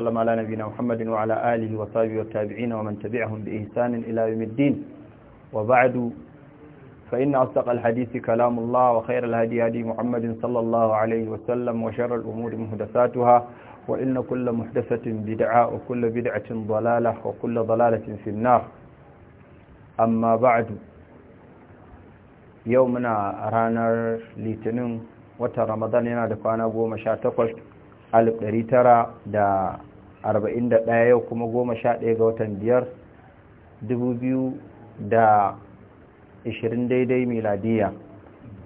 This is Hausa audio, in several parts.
وسلم على نبينا محمد وعلى آله وصحبه والتابعين ومن تبعهم بإحسان إلى يوم الدين وبعد فإن أصدق الحديث كلام الله وخير الهدي هدي محمد صلى الله عليه وسلم وشر الأمور محدثاتها وإن كل محدثة بدعة وكل بدعة ضلالة وكل ضلالة في النار أما بعد يومنا رانا لتنم watan ramadan yana da kwana goma sha takwas alif ɗari tara da ɗaya yau kuma goma sha ɗaya ga watan biyar 5 2020 daidai miladiya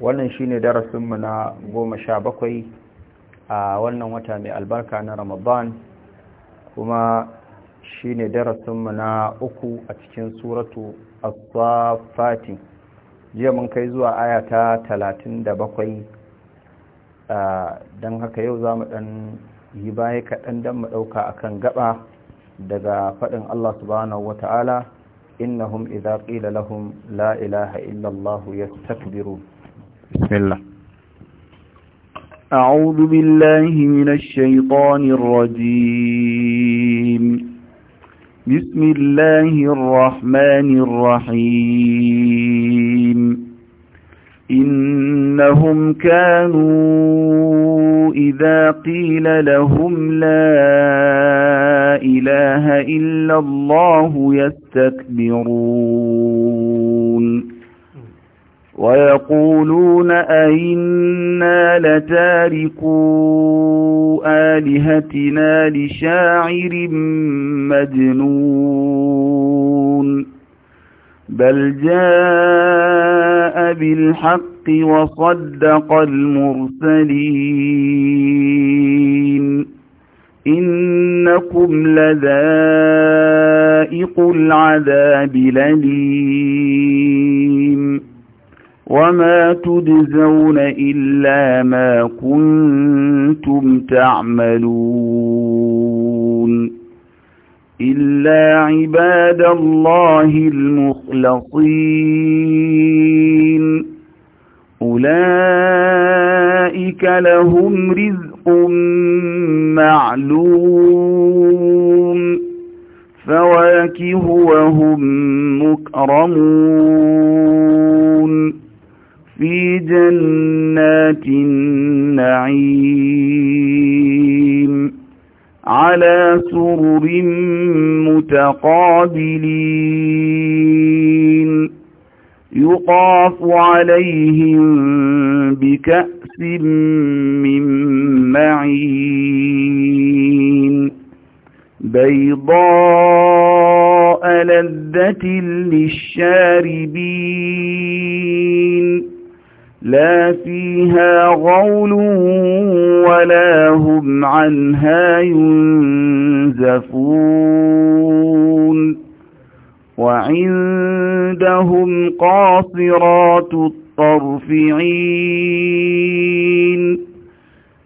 wannan shine darasinmu na goma sha bakwai a wannan wata mai albarka na ramadan kuma shine darasinmu na uku a cikin suratu as fati jiya mun kai zuwa aya ta 37 don haka yau za mu dan yi baya kaɗan don mu ɗauka a kan gaba daga faɗin Allah subhanahu wa ta'ala innahum idza qila lahum la ilaha illa Allah yastakbiru bismillah a'udhu billahi minash shaitanir rajim بسم الله الرحمن الرحيم إنهم كانوا إذا قيل لهم لا إله إلا الله يستكبرون ويقولون أئنا لتاركوا آلهتنا لشاعر مجنون بل جاء بالحق وصدق المرسلين إنكم لذائق العذاب لليم وما تجزون إلا ما كنتم تعملون إلا عباد الله المخلصين أولئك لهم رزق معلوم فواكه وهم مكرمون في جنات النعيم على سرر متقابلين يقاف عليهم بكأس من معين بيضاء لذة للشاربين لا فيها غول ولا هم عنها ينزفون وعندهم قاصرات الطرف عين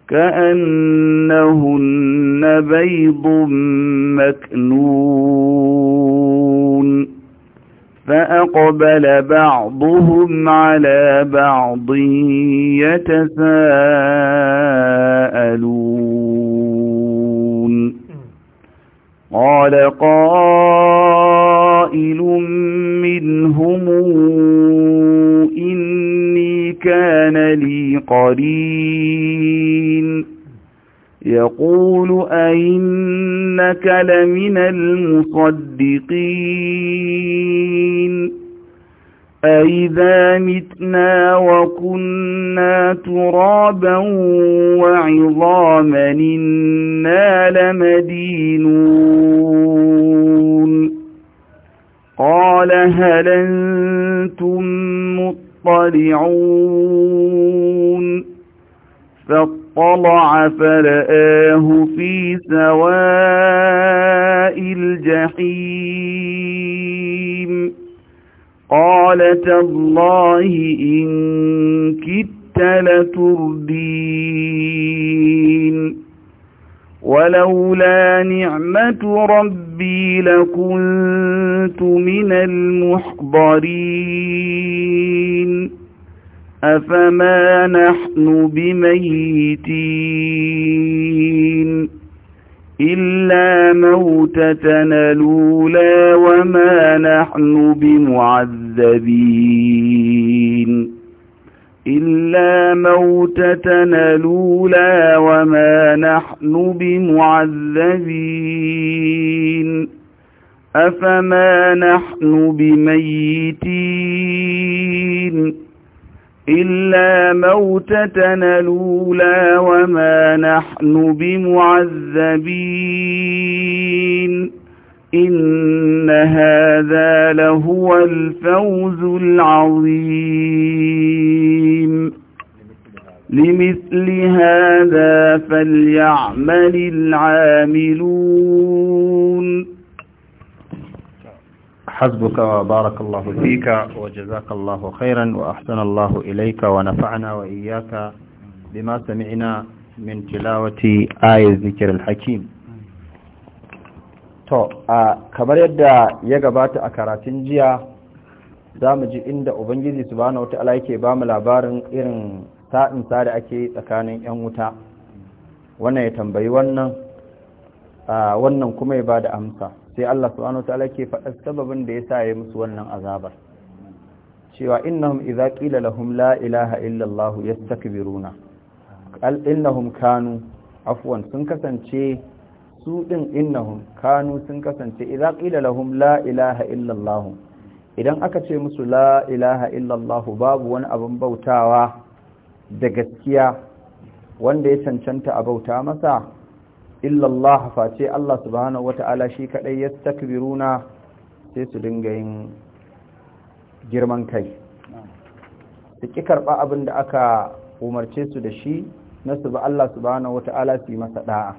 كأنهن بيض مكنون فأقبل بعضهم على بعض يتساءلون قال قائل منهم إني كان لي قرين يقول أئنك لمن المصدقين أَإِذَا مِتْنَا وَكُنَّا تُرَابًا وَعِظَامًا إِنَّا لَمَدِينُونَ قَالَ هَلْ أَنْتُمْ مُطَّلِعُونَ فَاطَّلَعَ فَرَآهُ فِي سَوَاءِ الْجَحِيمِ قال تالله إن كدت لتردين ولولا نعمة ربي لكنت من المحضرين أفما نحن بميتين إلا موتتنا الأولى وما نحن بمعذبين إلا موتتنا الأولى وما نحن بمعذبين أفما نحن بميتين إلا موتتنا الأولى وما نحن بمعذبين إن هذا لهو الفوز العظيم لمثل هذا فليعمل العاملون حسبك وبارك الله فيك وجزاك الله خيرا وأحسن الله إليك ونفعنا وإياك بما سمعنا من تلاوة آية الذكر الحكيم to a kamar yadda ya gabata a karatun jiya za mu ji inda ubangiji subhanahu wata yake ba mu labarin irin sa'insa da ake tsakanin 'yan wuta wannan ya tambayi wannan wannan kuma ya ba da amsa sai Allah subhanahu wataala ke faɗa sababin da yasa ya musu wannan azabar cewa innahum idza qila lahum la ilaha illa Allah yastakbiruna al innahum kanu afwan sun kasance su din innahum kanu sun kasance idza qila lahum la ilaha illa Allah idan aka ce musu la ilaha illa Allah babu wani abin bautawa da gaskiya wanda ya cancanta a bauta masa illallah face Allah subhanahu wata'ala shi kadai yastakbiruna sai su dinga yin girman kai su ki karba abin da aka umarce su da shi na su ba Allah subhanahu wata'ala su masa da'a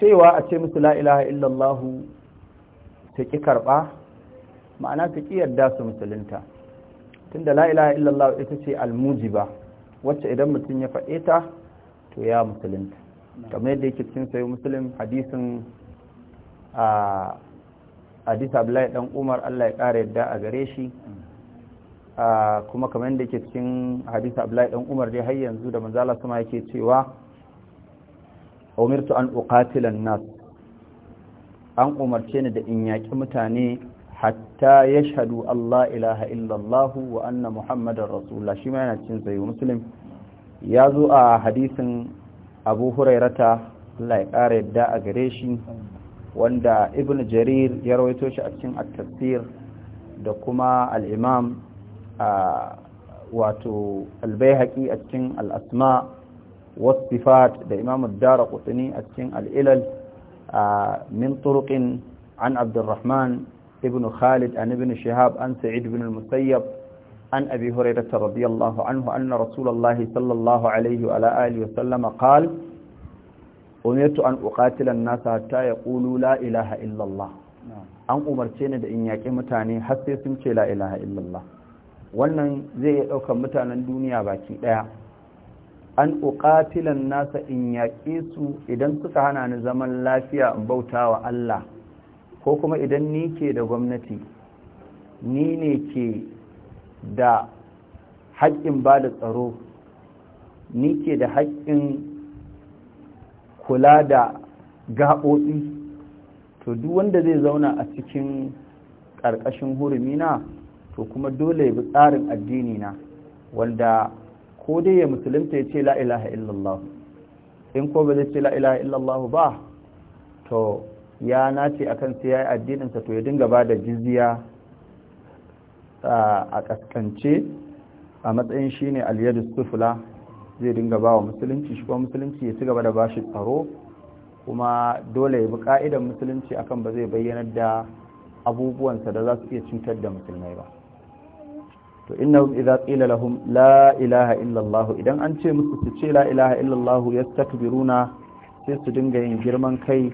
cewa a ce musu la ilaha illallah su ki karba ma'ana su ki yarda su musulunta tunda la ilaha illallah ita ce almujiba wacce idan mutum ya faɗe ta to ya musulunta kamar yadda yake cikin sayi musulun hadisin a hadis dan umar allah ya kara yadda a gare shi kuma kamar yadda yake cikin hadis abulai dan umar dai har yanzu da manzala sama yake cewa umirtu an ukatilan nas an umarce ni da in yaƙi mutane hatta yashhadu allah ilaha illallahu wa anna muhammadar rasulullah shi ma yana cikin sayi musulun ya zo a hadisin abu hurairata Allah ƙara yadda a gare shi wanda ibn jarir ya rawaito shi a cikin at da kuma al-imam wato a cikin al-asma wa da imam dara darqutni a cikin al-ilal min turuqin an abdulrahman ibn khalid an ibn shihab an sa'id ibn musayyab عن أبي هريرة رضي الله عنه أن رسول الله صلى الله عليه وعلى آله وسلم قال أمرت أن أقاتل الناس حتى يقولوا لا إله إلا الله an umarce ni da in yaƙi mutane har sai sun ce la'ilaha ilaha illallah wannan zai iya ɗaukar mutanen duniya baki ɗaya an uƙatilan nasa in yaƙe su idan suka hana ni zaman lafiya in bauta wa Allah ko kuma idan ni ke da gwamnati ni ne ke da haƙƙin ba da tsaro ni ke da haƙƙin kula da gaɓoɓi to duk wanda zai zauna a cikin ƙarƙashin hurumina to kuma dole ya bi tsarin addini na wanda ko dai ya musulunta ya ce la illallah in ko ba zai ce la illallah ba to ya nace akan sai ya yi addininsa to ya dinga ba da jizya a kaskance a matsayin shi ne aliyadu sufula zai dinga ba wa musulunci shi kuma musulunci ya ci gaba da bashi tsaro kuma dole ya bi ka'idan musulunci akan ba zai bayyana da abubuwansa da za su iya cutar da musulmai ba to inna idza qila lahum la ilaha illallah idan an ce musu su ce la ilaha illallah yastakbiruna sai su dinga yin girman kai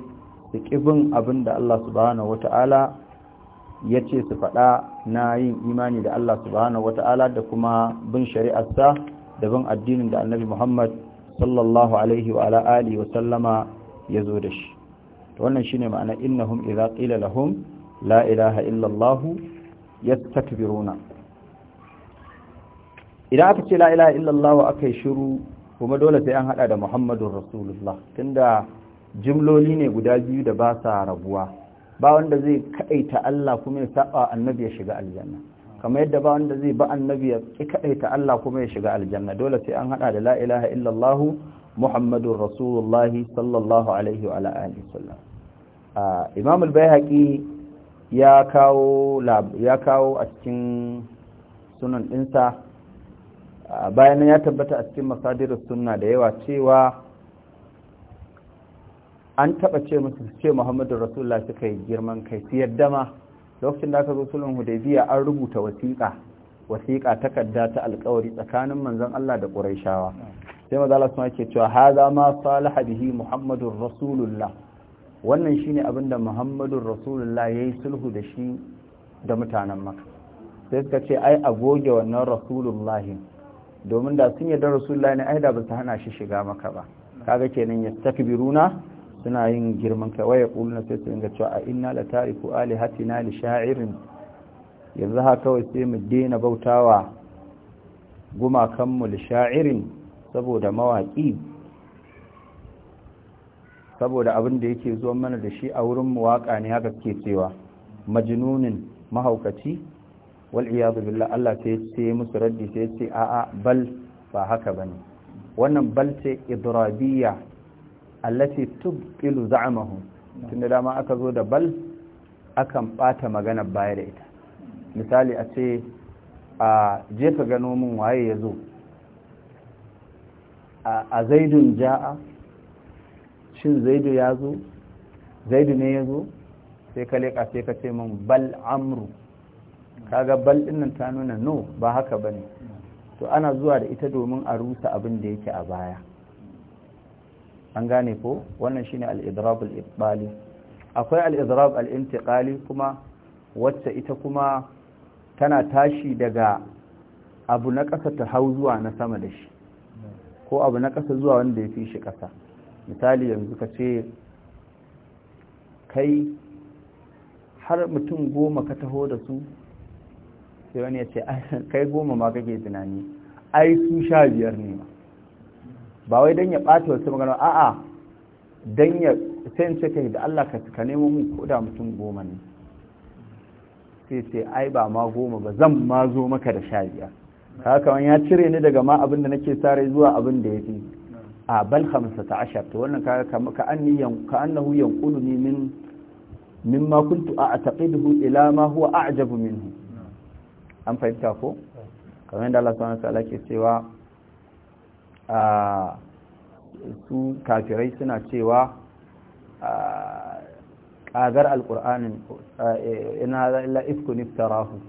su kibin abin da Allah subhanahu wata'ala ya ce su faɗa na yin imani da Allah subhanahu wata'ala da kuma bin shari'arsa da bin addinin da annabi Muhammad sallallahu alaihi wa ala alihi wa sallama ya zo da shi to wannan shine ma'ana innahum idza qila lahum la ilaha illa Allah yastakbiruna idan aka ce la ilaha illa Allah akai shiru kuma dole sai an hada da Muhammadur Rasulullah tunda jimloli ne guda biyu da ba sa rabuwa ba wanda zai kaɗaita Allah kuma ya saba annabi ya shiga aljanna kamar yadda ba wanda zai ba annabi ya kaɗaita Allah kuma ya shiga aljanna dole sai an haɗa da la ilaha illallah muhammadur rasulullah sallallahu alaihi wa alihi wasallam imam al-baihaqi ya kawo ya kawo a cikin sunan dinsa bayan ya tabbata a cikin masadirus sunna da yawa cewa an taba ce musu ce muhammadu rasulullah suka yi girman kai su yadda ma lokacin da aka zo sulhun hudaybiya an rubuta wasiƙa wasiƙa takarda ta alƙawari tsakanin manzon Allah da Qurayshawa sai maza Allah kuma yake cewa hadha ma salaha bihi Muhammadu rasulullah wannan shine abinda Muhammadu rasulullah yayi sulhu da shi da mutanen Makka sai suka ce ai a goge wannan rasulullahi domin da sun yarda rasulullahi ne ai da ba su hana shi shiga maka ba kaga kenan yastakbiruna suna yin girman kai ya na sai su cewa a inna la tariku alihatina li sha'irin yanzu haka kawai sai mu daina bautawa gumakanmu li sha'irin saboda mawaki saboda abin da yake zuwa mana da shi a wurin mu waka ne haka ke cewa majnunin mahaukaci wal billah Allah sai ce musu raddi sai ce a'a bal ba haka bane wannan bal ce idrabiyya allati tubqilu za'amahum tunda dama aka zo da bal akan bata magana baya da ita misali a ce a je ka gano min waye yazo a zaidun ja'a shin zaidu ya zo zaidu ne ya zo sai ka leƙa sai ka ce min bal amru kaga bal ɗinnan ta nuna no ba haka bane. to ana zuwa da ita domin a rusa abin da yake a baya an gane ko wannan shine al-idrab al akwai al-idrab al kuma wacce ita kuma tana tashi daga abu na ƙasa ta hau zuwa na sama da shi ko abu na ƙasa zuwa wanda ya fi shi ƙasa misali yanzu ka ce kai har mutum goma ka taho da su sai wani ya ce kai goma ma kake tunani ai su sha biyar ne ma ba wai don ya ɓata wasu magana a'a don ya sai ce kai da Allah ka ka nemo mun koda mutum goma ne sai ce ai ba ma goma ba zan ma zo maka da sha biyar haka wani ya cire ni daga ma abin da nake sare zuwa abin da ya fi a bal hamsa ta ashar to wannan ka ka annahu yanqulu ni min mimma kuntu a'taqiduhu ila ma huwa a'jabu minhu an fahimta ko kamar yadda Allah subhanahu wa ta'ala ke cewa su kafirai suna cewa ƙagar alƙur'anin ina nifta rahu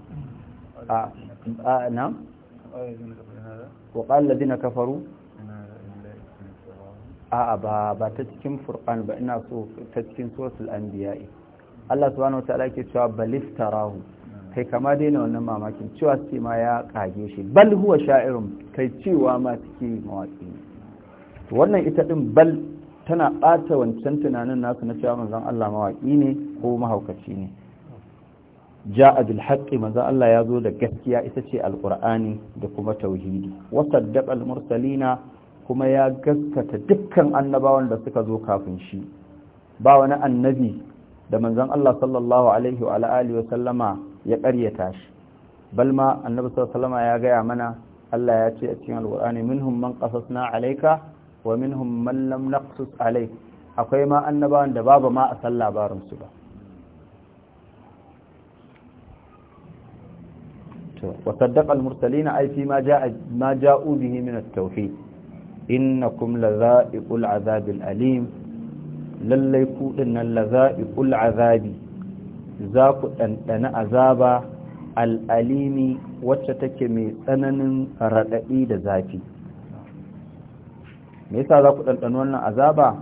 a na? waƙar ladina kafaru? a ba ba ta cikin furqan ba ina so ta cikin an biya'i Allah subhanahu wa ta'ala ke cewa rahu. kai kama daina wannan mamakin cewa suke ma ya kage shi bal huwa sha'irun kai cewa ma suke mawaki to wannan ita din bal tana ɓata wancan tunanin nasu na cewa manzon Allah mawaki ne ko mahaukaci ne Ja bil haqqi manzon Allah ya zo da gaskiya ita ce alqur'ani da kuma tauhidi wa saddaqa al mursalina kuma ya gaskata dukkan annabawan da suka zo kafin shi ba wani annabi da manzon Allah sallallahu alaihi wa alihi wa sallama ya karyata shi balma annabi sallallahu ya gaya mana Allah ya ce a cikin alqur'ani minhum man qasasna alayka wa minhum man lam naqsus alayk akwai ma annabawan da babu ma a san labarin su ba to wa saddaqa al-mursalina ay fi ma jaa ma jaa'u bihi min at-tauhid innakum ladha'iqul 'adhabil alim lallai ku dinnan ladha'iqul azabi za ku ɗanɗana azaba al'alimi wacce take mai tsananin raɗaɗi da zafi me yasa za ku ɗanɗana wannan azaba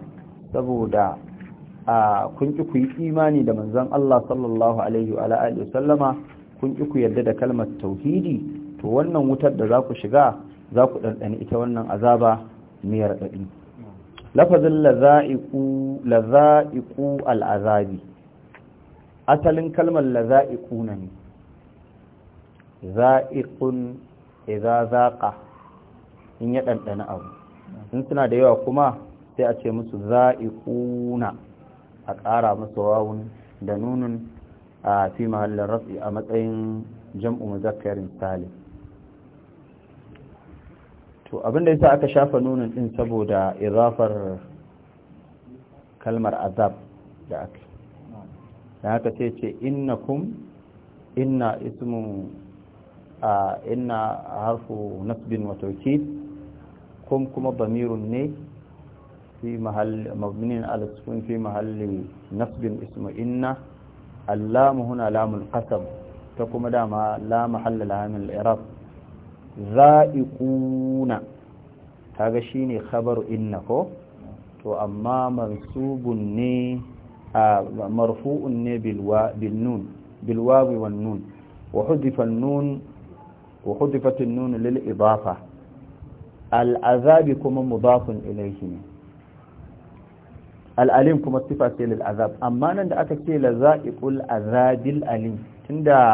saboda a kun ƙi ku yi imani da manzan Allah sallallahu alaihi wa kun ƙi ku yarda da kalmar tauhidi to wannan wutar da za ku shiga za ku ɗanɗana ita wannan azaba mai raɗaɗi lafazin laza'iku laza'iku al'azabi asalin kalmar za'iquna ne za'iqun idza zaqa in ya ɗanɗana abu in suna da yawa kuma sai a ce musu za'iquna a ƙara musu wawun da nunun a fi mahallin rafi a matsayin jam'u muzakkarin salim to abinda yasa aka shafa nunun din saboda izafar kalmar azab da aka da haka sai ce kum inna ismun a inna harfu nasbin watauki taukid kum kuma bamirun ne fi mahall mabnin fi mahalli nasbin ismu inna allamu huna lamun qasam ta kuma dama la za'i kuna, ta ga shi ne khabaru inna ko to amma mansubun ne مرفوع ني بالوا بالنون بالواو والنون وحذف النون وحذفت النون للاضافه العذاب كما مضاف اليه الالم كما صفه للعذاب اما نن da aka ce lazaiq al-azab al-alim tunda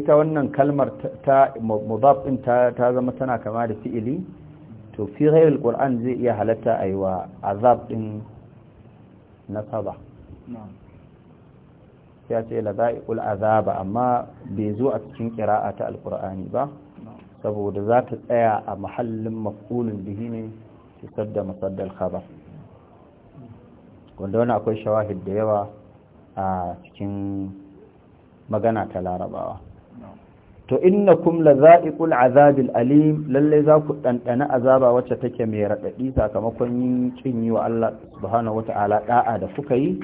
ita wannan kalmar ta mudaf ta ta zama tana kama da fi'ili to fi ghayr zai iya halatta aiwa azab din nasaba ya ce laza'iqul azaba amma bai zo a cikin ƙira'a ta alkur'ani ba saboda za ta tsaya a mahallin maf'ulun bihi ne su sadda masaddal khabar wanda wani akwai shawahid da yawa a cikin magana ta larabawa to innakum laza'iqul azabil alim lalle za ku dandana azaba wacce take mai radadi sakamakon yin kin wa Allah subhanahu wataala da'a da kuka yi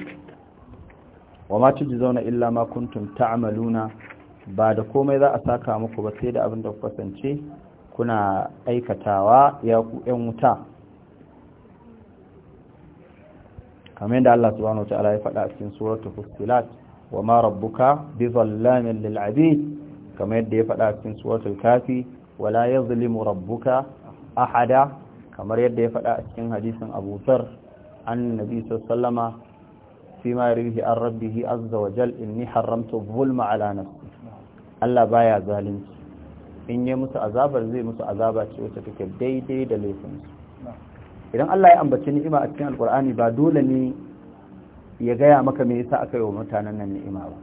wa ma tujzauna illa ma kuntum ta'maluna ba da komai za a saka muku ba sai da abin da ku fasance kuna aikatawa ya ku yan wuta kamar yadda Allah subhanahu wataala ya faɗa a cikin suratul fussilat wa ma rabbuka bi zallamin lil 'abid kamar yadda ya faɗa cikin suwatul kafi wala ya mu rabbuka ahada kamar yadda ya faɗa a cikin hadisin abusar Dharr sima sallama fima yarihi an rabbihi azza wa jal ni haramtu zulma ala nafsi Allah baya zalunci in yi musu azabar zai musu azaba ce wacce take daidai da laifinsu idan Allah ya ambaci ni'ima a cikin alkur'ani ba dole ne ya gaya maka me yasa aka yi wa mutanen nan ni'ima ba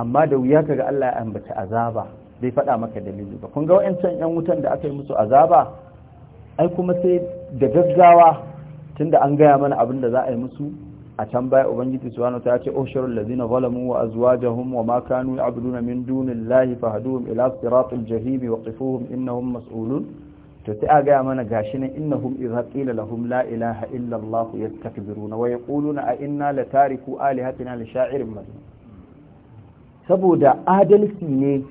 amma da wuya kaga Allah ya ambaci azaba bai faɗa maka dalili ba kun ga wayancan yan wutan da aka yi musu azaba ai kuma sai da gaggawa tunda an gaya mana abin da za a yi musu a can baya ubangiji subhanahu ta ce usharul ladina zalamu wa azwajuhum wa ma kanu ya'buduna min dunillahi fahduhum ila siratil jahim wa qifuhum innahum mas'ulun to sai a gaya mana gashi nan innahum idha qila lahum la ilaha illa allah yastakbiruna wa yaquluna a inna latariku alihatina li sha'irin majnun saboda adalci ne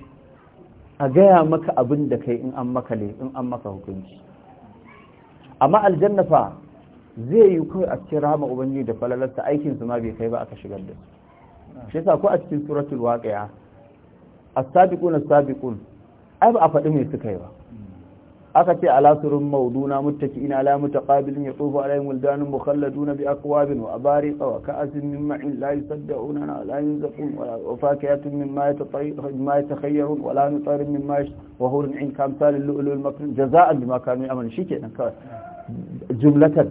a gaya maka abin da kai in an maka in an maka hukunci amma aljannafa zai yi kawai a cikin rahama ubani da falalarsa aikin su ma bai kai ba aka shigar da shi yasa ko a cikin suratul waqi'a as-sabiqun as-sabiqun ai ba a faɗi me suka yi ba aka ce ala surun mauduna muttaki'ina ala mutaqabilin yatufu alaihim wildanun mukhalladuna bi aqwabin wa abariqa wa ka'atin min ma'in la yusaddauna la yunzaqun wa fakihatin mimma yatatayyarun mimma yatakhayyarun wa la nutarin mimma wa hurun in kam salil lu'lul maknun jaza'an bima kanu ya'malun shikenan kawai jumlatan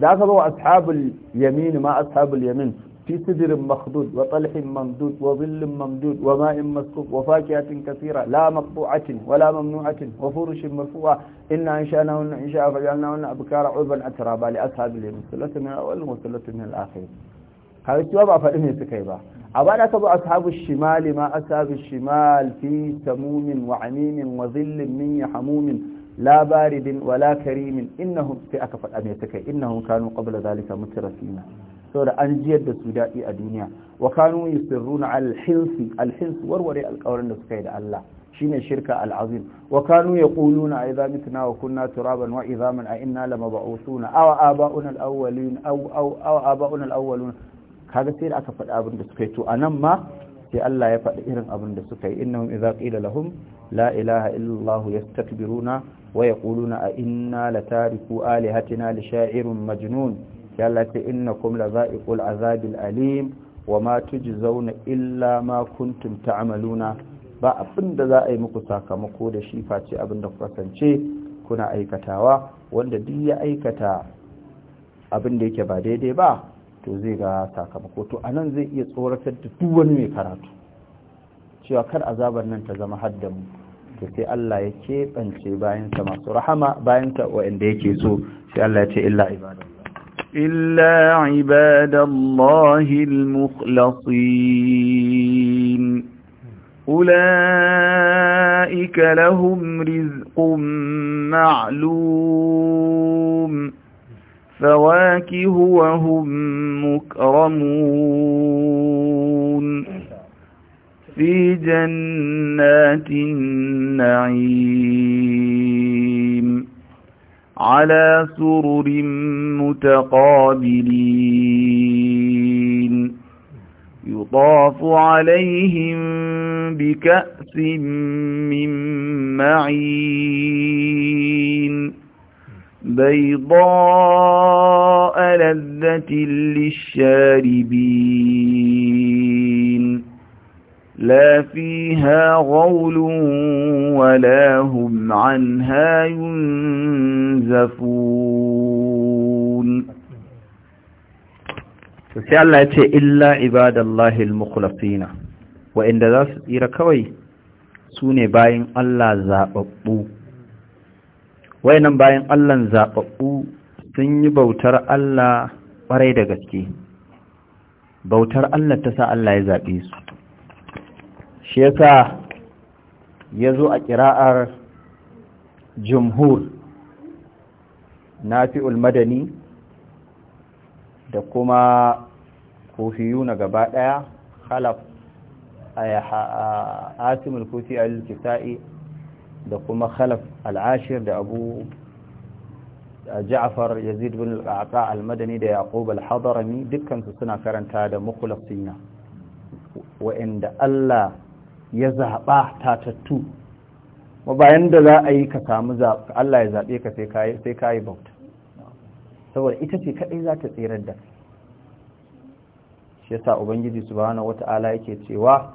da aka zo ashabul yamin ma ashabul yamin في سدر مخدود وطلح ممدود وظل ممدود وماء مسكوب وفاكهة كثيرة لا مقطوعة ولا ممنوعة وفرش مرفوعة إن أنشأناهن إنشاء فجعلناهن أبكار عربا أترابا لأصحاب اليمين ثلة من الأول وثلة من الآخر هذا الجواب فإنه سكيبا أبانا كبو أصحاب الشمال ما أصحاب الشمال في سموم وعميم وظل من يحموم لا بارد ولا كريم إنهم في أكفت أميتك إنهم كانوا قبل ذلك مترفين saboda an jiyar da su daɗi a duniya wa kanu yusirruna al-hinsi al warware alƙawarin da suka yi da Allah shine shirka al-azim wa kanu yaquluna idza mitna wa kunna turaban wa idhaman a inna lamab'usuna aw aba'una Awa, awwalin aw aw aw aba'una al-awwalun kaga sai da aka faɗi abin da suka yi to anan ma sai Allah ya faɗi irin abin da suka yi innahum idza qila lahum la ilaha illa yastakbiruna wa yaquluna a inna latariku alihatina li sha'irin majnun in na ta innakum la za'iqul azabil alim wa ma tujzauna illa ma kuntum ta'maluna ba abin da za a yi muku sakamako da shi face abin da kuka kasance kuna aikatawa wanda duk ya aikata abin da yake ba daidai ba to zai ga sakamako to anan zai iya tsoratar da duk wani mai karatu cewa kar azabar nan ta zama haddamu to sai Allah ya keɓance bayansa masu rahama bayansa waɗanda yake so sai Allah ya ce illa ibadu إلا عباد الله المخلصين أولئك لهم رزق معلوم فواكه وهم مكرمون في جنات النعيم على سرر متقابلين يطاف عليهم بكأس من معين بيضاء لذة للشاربين لا فيها غول ولا هم عنها ينزفون sai Allah ya ce illa ibadallahi al wa inda za su tsira kawai su ne bayan Allah zaɓaɓɓu wayannan bayan Allah zaɓaɓɓu sun yi bautar Allah ƙwarai da gaske bautar Allah ta sa Allah ya zaɓe su shi yasa ya zo a ƙira'ar jumhur fi ulmadani da kuma kofiyu na gaba ɗaya halaf asimul kuti al-kisa'i da kuma khalaf al da abu ja'far yazid bin al-qaqa al-madani da yaqub al-hadrami dukkan su suna karanta da mukhlafina wa'inda Allah ya zaɓa tatattu ma bayan da za a yi ka samu Allah ya zaɓe ka sai ka yi bauta saboda ita ce kaɗai za ta tserar da shi yasa ubangiji wata wata'ala yake cewa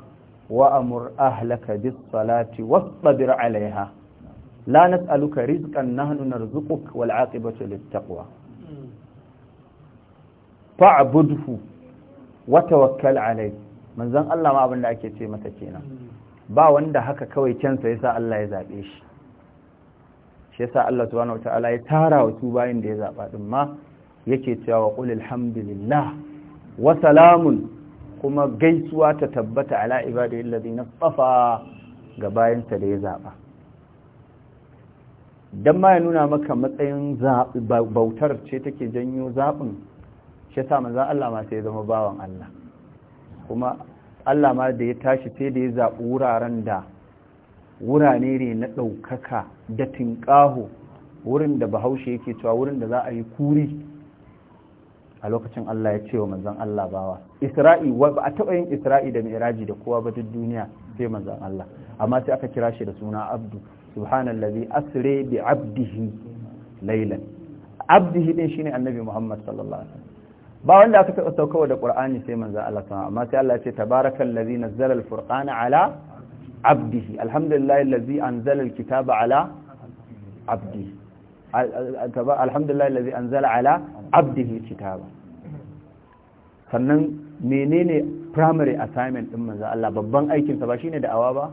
wa'amur ahlaka bis salati wasbir alaiha la nas'aluka rizqan nahnu narzuquk wal aqibatu lit taqwa fa'budhu wa tawakkal alayhi manzon Allah ma abin ake ce masa kenan ba wanda haka kawai kyansa yasa Allah ya zaɓe shi shi yasa Allah subhanahu wataala ya tara wa su da ya zaɓa din ma yake cewa qul alhamdulillah wa salamun kuma gaisuwa ta tabbata ala ibadihi alladhina safa ga bayinsa da ya zaba dan ma ya nuna maka matsayin bautar ce take janyo zaɓin shi sa manzan Allah ma sai zama bawan Allah kuma Allah ma da ya tashi sai da ya zaɓi wuraren da wurare ne na ɗaukaka da tinƙaho wurin da bahaushe yake cewa wurin da za a yi kuri a lokacin Allah ya ce wa manzan Allah bawa isra'i ba a taɓa yin isra'i da miraji da kowa ba duk duniya sai manzan Allah amma sai aka kira shi da suna abdu subhanallazi asre bi abdihi laylan abdihi din shine annabi muhammad sallallahu ba wanda aka taɓa saukowa da ƙur'ani sai manzan Allah ta amma sai Allah ce tabarakan lazi na zalar furƙana ala abdihi alhamdulillah lazi an zalar kitaba ala abdihi alhamdulillah lazi an zala ala abdihi kitaba sannan menene primary assignment ɗin manzan Allah babban aikinsa ba shine awa ba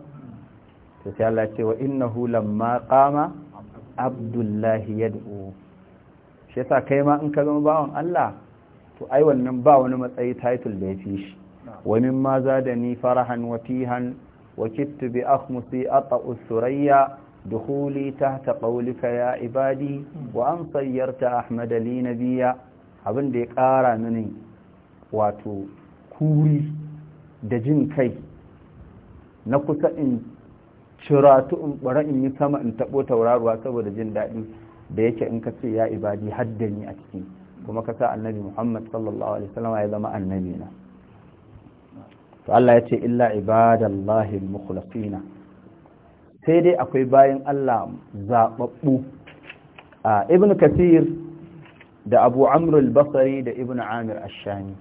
to sai Allah ce wa innahu lamma qama abdullahi yad'u shi yasa kai ma in ka zama bawon Allah to ai wannan ba wani matsayi title da ya fi shi wa mimma zadani farahan wa tihan wa kittu bi akhmusi ata'u dukhuli tahta qawlika ya ibadi wa an sayyarta ahmad لي nabiyya abin da ya kara mini wato kuri da jin kai na kusa in ciratu in bara in yi sama in tabo tauraruwa saboda jin daɗi da yake in ka ce ya ibadi haddani a ciki kuma ka sa annabi Muhammad sallallahu alaihi wasallam ya zama annabi na to Allah ya ce illa ibadallahi al-mukhlasina sai dai akwai bayan Allah zababbu ibn kasir da Abu Amr al-Basri da Ibn Amir Ash-Shami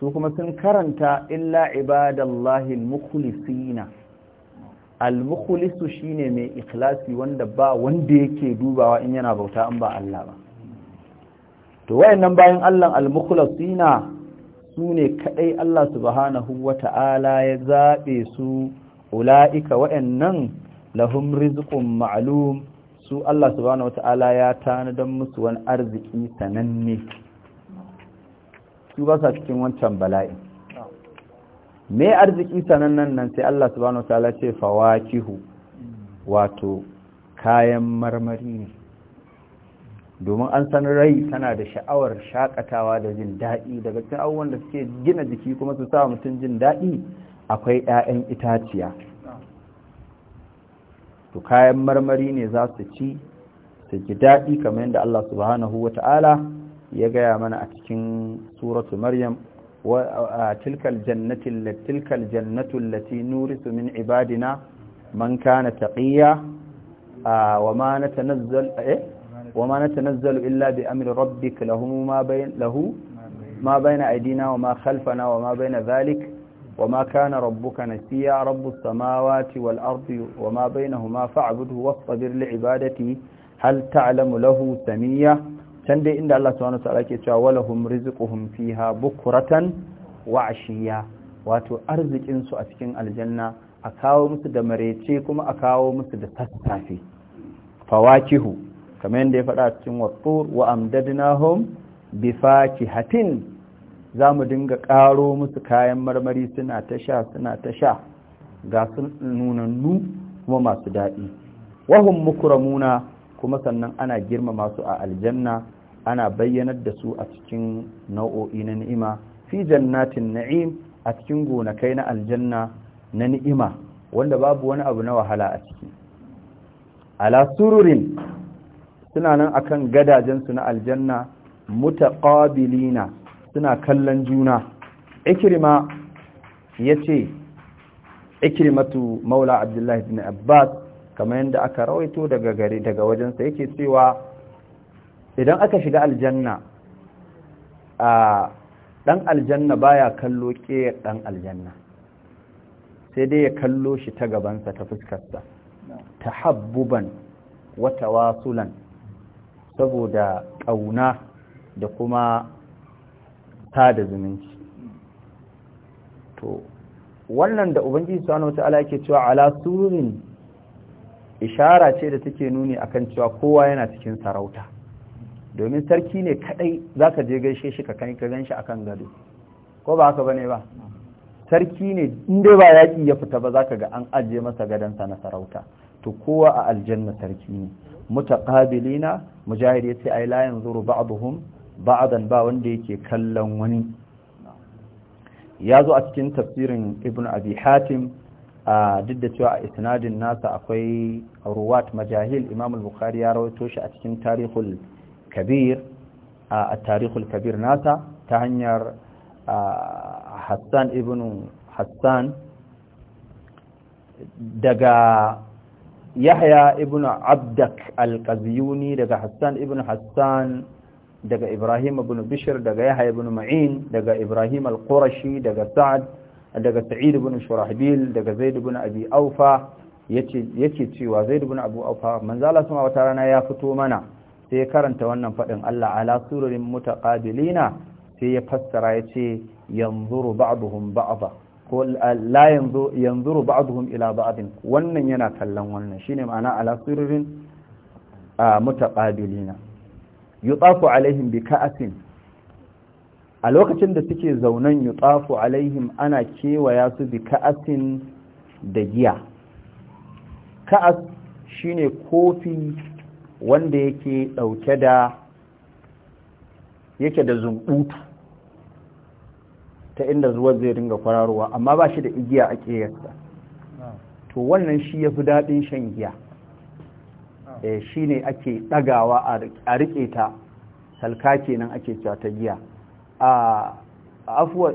su kuma sun karanta illa ibadallahi al-mukhlasina al-mukhlisu shine mai ikhlasi wanda ba wanda yake dubawa in yana bauta an ba Allah ba to wayannan bayan Allah al-mukhlasina ne kadai Allah subhanahu wata'ala ya zabe su ulaika wayannan lahum rizqun ma'lum su Allah subhanahu wata'ala ya tana tanadan musu wani arziki sananne su ba sa cikin wancan bala'i me arziki sanannen nan sai Allah subhanahu wata'ala ce fawakihu wato kayan marmari ne domin an san rai tana da sha'awar shakatawa da jin daɗi daga cikin abubuwan da suke gina jiki kuma su sa mutum jin daɗi akwai 'ya'yan itaciya to kayan marmari ne za su ci su ji daɗi kamar yadda Allah subhanahu wa ta'ala ya gaya mana a cikin suratu maryam tilkal jannatin tilkal jannatun lati nurisu min ibadina man kana taqiya wa ma natanzal eh? wa ma natanazzalu illa bi amri rabbik lahu ma bayn lahu ma bayna aydina wa ma khalfana wa ma bayna dhalik wa ma kana rabbuka nasiya rabbus samawati wal ardi wa ma bainahuma fa'budhu wastabir li ibadati hal ta'lamu lahu samiyya can dai inda Allah subhanahu wa ta'ala ke cewa walahum rizquhum fiha bukratan wa ashiya wato arzikin su a cikin aljanna a kawo musu da maraice kuma a kawo musu da sassafe fawakihu kamar yadda ya faɗa cikin wattur wa amdadnahum bi fakihatin za mu dinga ƙaro musu kayan marmari suna ta sha suna ta sha ga sun nunannu kuma masu daɗi wahum mukramuna kuma sannan ana girmama su a aljanna ana bayyanar da su a cikin nau'o'i na ni'ima fi jannatin na'im a cikin gonakai na aljanna na ni'ima wanda babu wani abu na wahala a ciki ala sururin suna nan a kan gadajensu na aljanna mutaqabilina suna kallon juna ikrima yace ikrimatu maula abdullahi bin abbas kamar yadda aka rawaito daga gare daga wajensa yake cewa idan aka shiga aljanna a dan aljanna baya kallo ke dan aljanna sai dai ya kallo shi ta gabansa ta fuskarsa Ta tahabbuban wata wasulan. saboda ƙauna da kuma da zumunci to wannan da ubangiji wata ala yake cewa ala surin ishara ce da take nuni akan cewa kowa yana cikin sarauta domin sarki ne kadai ka je gaishe shi ka kai ka gan shi akan gado ko ba haka bane ba sarki ne in ba yaƙi ya fita ba za ka ga an ajiye masa gadansa na sarauta to kowa a aljanna sarki ne mutaqabilina mujahid yace ai la yanzuru ba'dhum ba'dan ba wanda yake kallon wani yazo a cikin tafsirin ibn abi hatim a duk cewa a isnadin nasa akwai ruwat majahil imam al-bukhari ya rawaito shi a cikin tarihul kabir a tarihul kabir nasa ta hanyar hassan ibn hassan daga yahya ibn abdak al-qaziyuni daga hassan ibn hassan daga ibrahim ibn bishir daga yahya ibn ma'in daga ibrahim al-qurashi daga sa'ad daga sa'id ibn shurahbil daga zaid ibn abi aufa yake cewa zaid ibn abu aufa manzo Allah sama wata rana ya fito mana sai karanta wannan fadin Allah ala sururin mutaqabilina sai ya fassara yace yanzuru ba'dhum ba'dha ko la yanzu yanzuru ba'dhum ila wannan yana kallon wannan shine ma'ana ala sirrin mutaqabilina yutafu alaihim bi ka'atin a lokacin da suke zaunan yutafu alaihim ana kewaya su bi ka'atin da giya ka'as shine kofi wanda yake dauke da yake da zumbutu ta inda zuwa zai ringa kwararowa amma ba shi da igiya a ƙeyarsa to wannan shi ya fi daɗin shan giya eh, shi ne ake ɗagawa a riƙe ta salka nan ake cewa ta giya a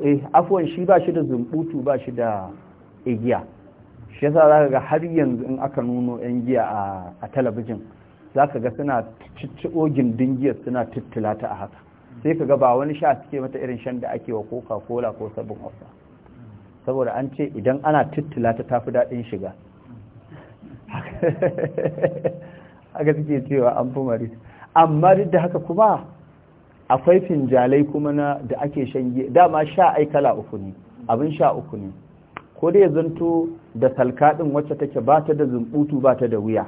eh, afuwan shi ba shi da zumbutu ba shi da igiya shi yasa za ka ga har yanzu in aka nuno 'yan giya a talabijin za ka ga suna cicciɓo gindin giya suna tittila ta a haka sai ka ga ba wani sha suke mata irin shan da ake wa coca-cola ko sabon hausa saboda an ce idan ana tittila ta tafi daɗin shiga haka suke cewa an fi mari amma duk da haka kuma akwai finjalai kuma na da ake shan giya dama sha aikala uku ne abin sha uku ne ko dai zanto da salkaɗin wacce take ba ta da zumbutu ba ta da wuya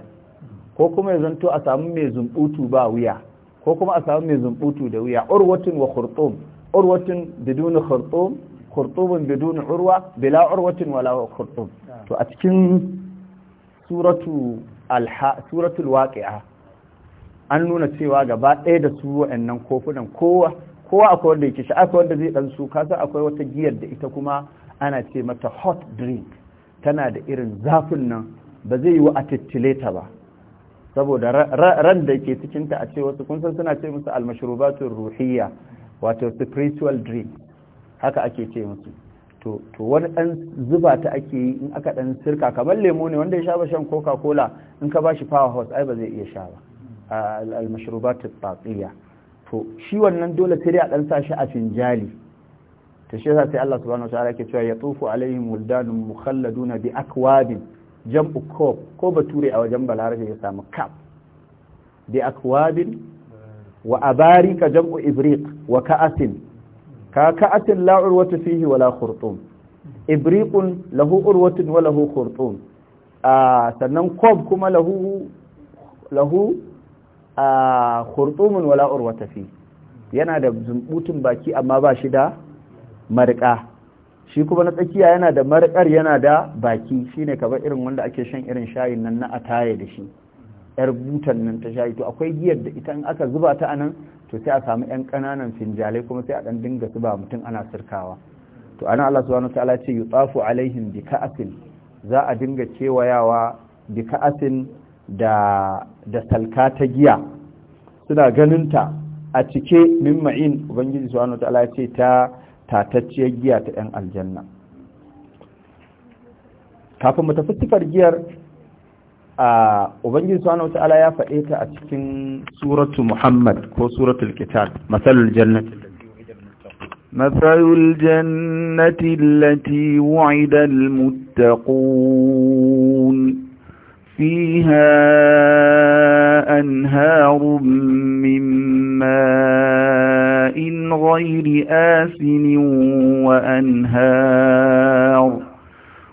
ko kuma ya zanto a samu mai zumbutu ba wuya ko kuma a samu mai zumbutu da wuya urwatin wa khurtum urwatin bidun khurtum khurtumun bidun urwa bila urwatin wala khurtum to a cikin suratu alha suratu alwaqi'a an nuna cewa gaba ɗaya da su wa'annan kofunan kowa kowa akwai wanda yake sha'afa wanda zai dan su kasa akwai wata giyar da ita kuma ana ce mata hot drink tana da irin zafin nan ba zai yi wa a tittile ta ba saboda ran da ke cikinta a ce wasu kun san suna ce musu almashrubatun ruhiyya wato spiritual drink haka ake ce musu to wani dan zuba ta ake yi in aka dan sirka kamar lemo ne wanda ya sha shan coca cola in ka bashi power house ai ba zai iya sha ba almashrubatun taqiya to shi wannan dole sai dai a dan sa shi a finjali to shi yasa sai Allah subhanahu wa ta'ala ke cewa tufu alaihim muldanun mukhalladuna bi akwabin jam'u kof ko bature a wajen balarabe ya samu kaf bi akwabin wa abarika jam'u ibriq wa ka'atin ka ka'atin la urwatu fihi wala khurtum ibriqun lahu urwatun wa lahu khurtum sannan kof kuma lahu lahu khurtumun wala urwata fi yana da zumbutun baki amma ba shi da marka. shi kuma na tsakiya yana da marƙar yana da baki Shi ne kaba irin wanda ake shan irin shayin nan na ataye da shi yar butan nan ta shayi to akwai giyar da ita in aka zuba ta anan to sai a samu yan ƙananan finjalai kuma sai a ɗan dinga zuba mutum ana sirkawa to ana Allah wani ta'ala ce yutafu alaihin bi ka'asin za a dinga kewayawa bi ka'asin da da salka ta giya suna ganin ta a cike mimma'in. ma'in ubangiji su wani ya ce ta tatacciyar giya ta 'yan aljanna kafin mu tafi sifar giyar a ubangiji wa Ta'ala ya faɗe ta a cikin suratu muhammad ko suratu qital masalul jannati مثل الجنة التي وعد المتقون فيها أنهار من ماء غير آسن وأنهار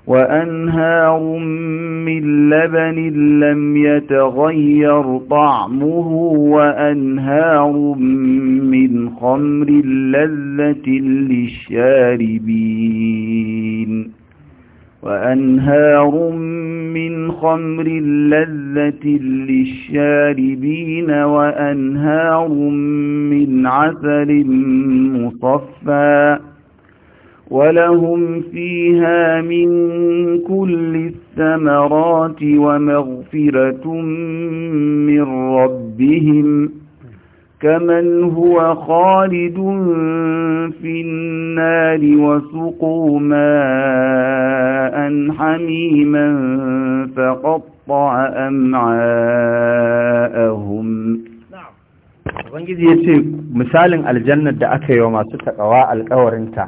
وأنهار من لبن لم يتغير طعمه وأنهار من خمر لذة للشاربين وأنهار من خمر لذة للشاربين وأنهار من عسل مصفى ولهم فيها من كل الثمرات ومغفرة من ربهم كمن هو خالد في النار وسقوا ماء حميما فقطع أمعاءهم Ubangiji ya ce misalin aljannar da aka yi wa masu taƙawa alƙawarinta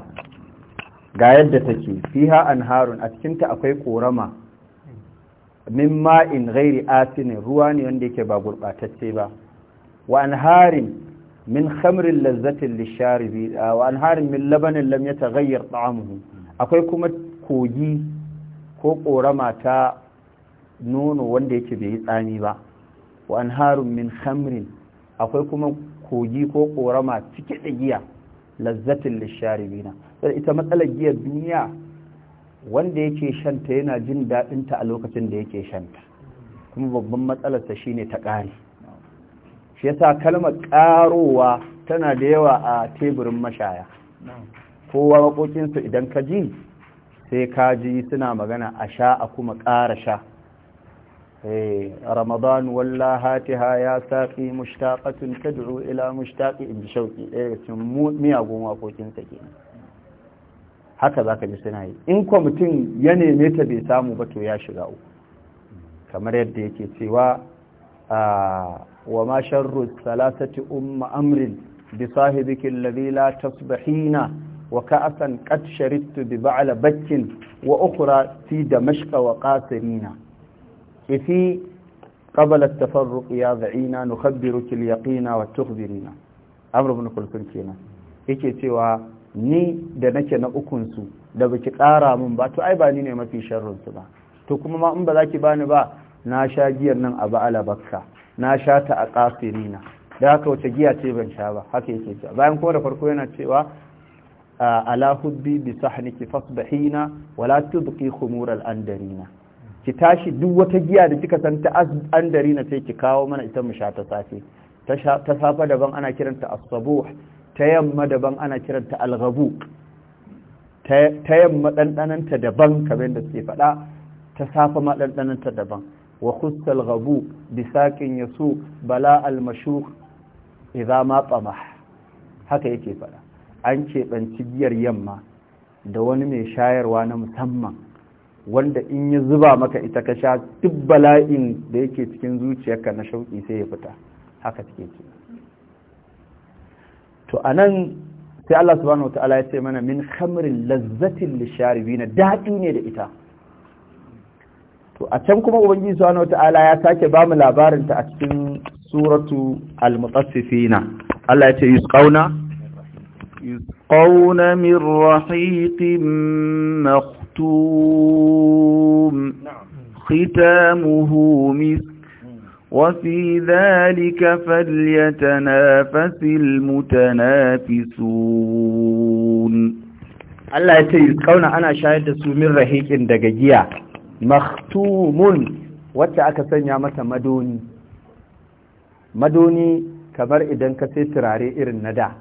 ga yadda take fiha anharun a cikinta akwai ƙorama min ma'in ghairi asinin ruwa ne wanda yake ba gurɓatacce ba wa anharin min khamrin lazzatin lisharibi wa anharin min labanin lam akwai kuma kogi ko korama ta nono wanda yake bai yi tsami ba wa anharun min khamrin akwai kuma kogi ko korama cike da giya lazzatin lisharibina sai ita matsalar giyar duniya wanda yake shanta yana jin daɗinta a lokacin da yake shanta kuma babban matsalarsa shine ta ƙari shi yasa kalmar ƙarowa tana da yawa a teburin mashaya kowa waƙoƙinsu idan ka ji sai ka ji suna magana a sha a kuma ƙara sha eh, ramadan walla hatiha ya saƙi mushtaƙatun ta duru ila mushtaƙi in ji shauƙi ɗaya daga cikin miyagun waƙoƙinsa ke haka za ka ji suna yi in kwa mutum ya neme ta bai samu ba to ya shiga uku kamar yadda yake cewa wa ma sharru salasati umma amrin bi sahibiki alladhi la tasbahina wa ka'asan qad sharittu bi ba'la bakkin wa ukhra fi damashq wa qasirina tafarruq ya al yaqina wa tukhbirina amr ibn kulkun kina yake cewa ni da nake na ukun su da baki kara mun ba to ai ba ni ne mafi sharrin su ba to kuma ma in ba zaki bani ba na sha giyar nan a ba'ala bakka na sha ta a kafirina da haka wace giya ce ban sha ba haka yake ta. bayan kowa da farko yana cewa ala hubbi bi sahniki fasbahina wala tubqi khumur al andarina ki tashi duk wata giya da kika san ta andarina sai ki kawo mana ita mu sha ta safe ta safa daban ana kiranta as subuh ta yamma daban ana kiranta al-ghabu ta yamma dandananta daban kamar da suke faɗa ta safa ma dandananta daban wa khussal ghabu bisaqin yasu bala al mashruq idza ma tamah haka yake fada an ce biyar yamma da wani mai shayarwa na musamman wanda in ya zuba maka ita ka sha duk bala'in da yake cikin zuciyarka na shauki sai ya fita haka take ce to anan sai Allah subhanahu wataala ya ce mana min khamrin lazzatin lisharibina dadi ne da ita to a can kuma ubangiji subhanahu wata'ala ya sake bamu labarin ta a cikin suratu al-mutaffifina Allah ya ce yusqauna yusqauna min rahiqin maqtum khitamuhu misk وفي ذلك فليتنافس المتنافسون Allah ya ce yusqauna ana shayar da su min daga Makhtumun wacce aka sanya mata madoni madoni kamar idan ka sai turare irin na da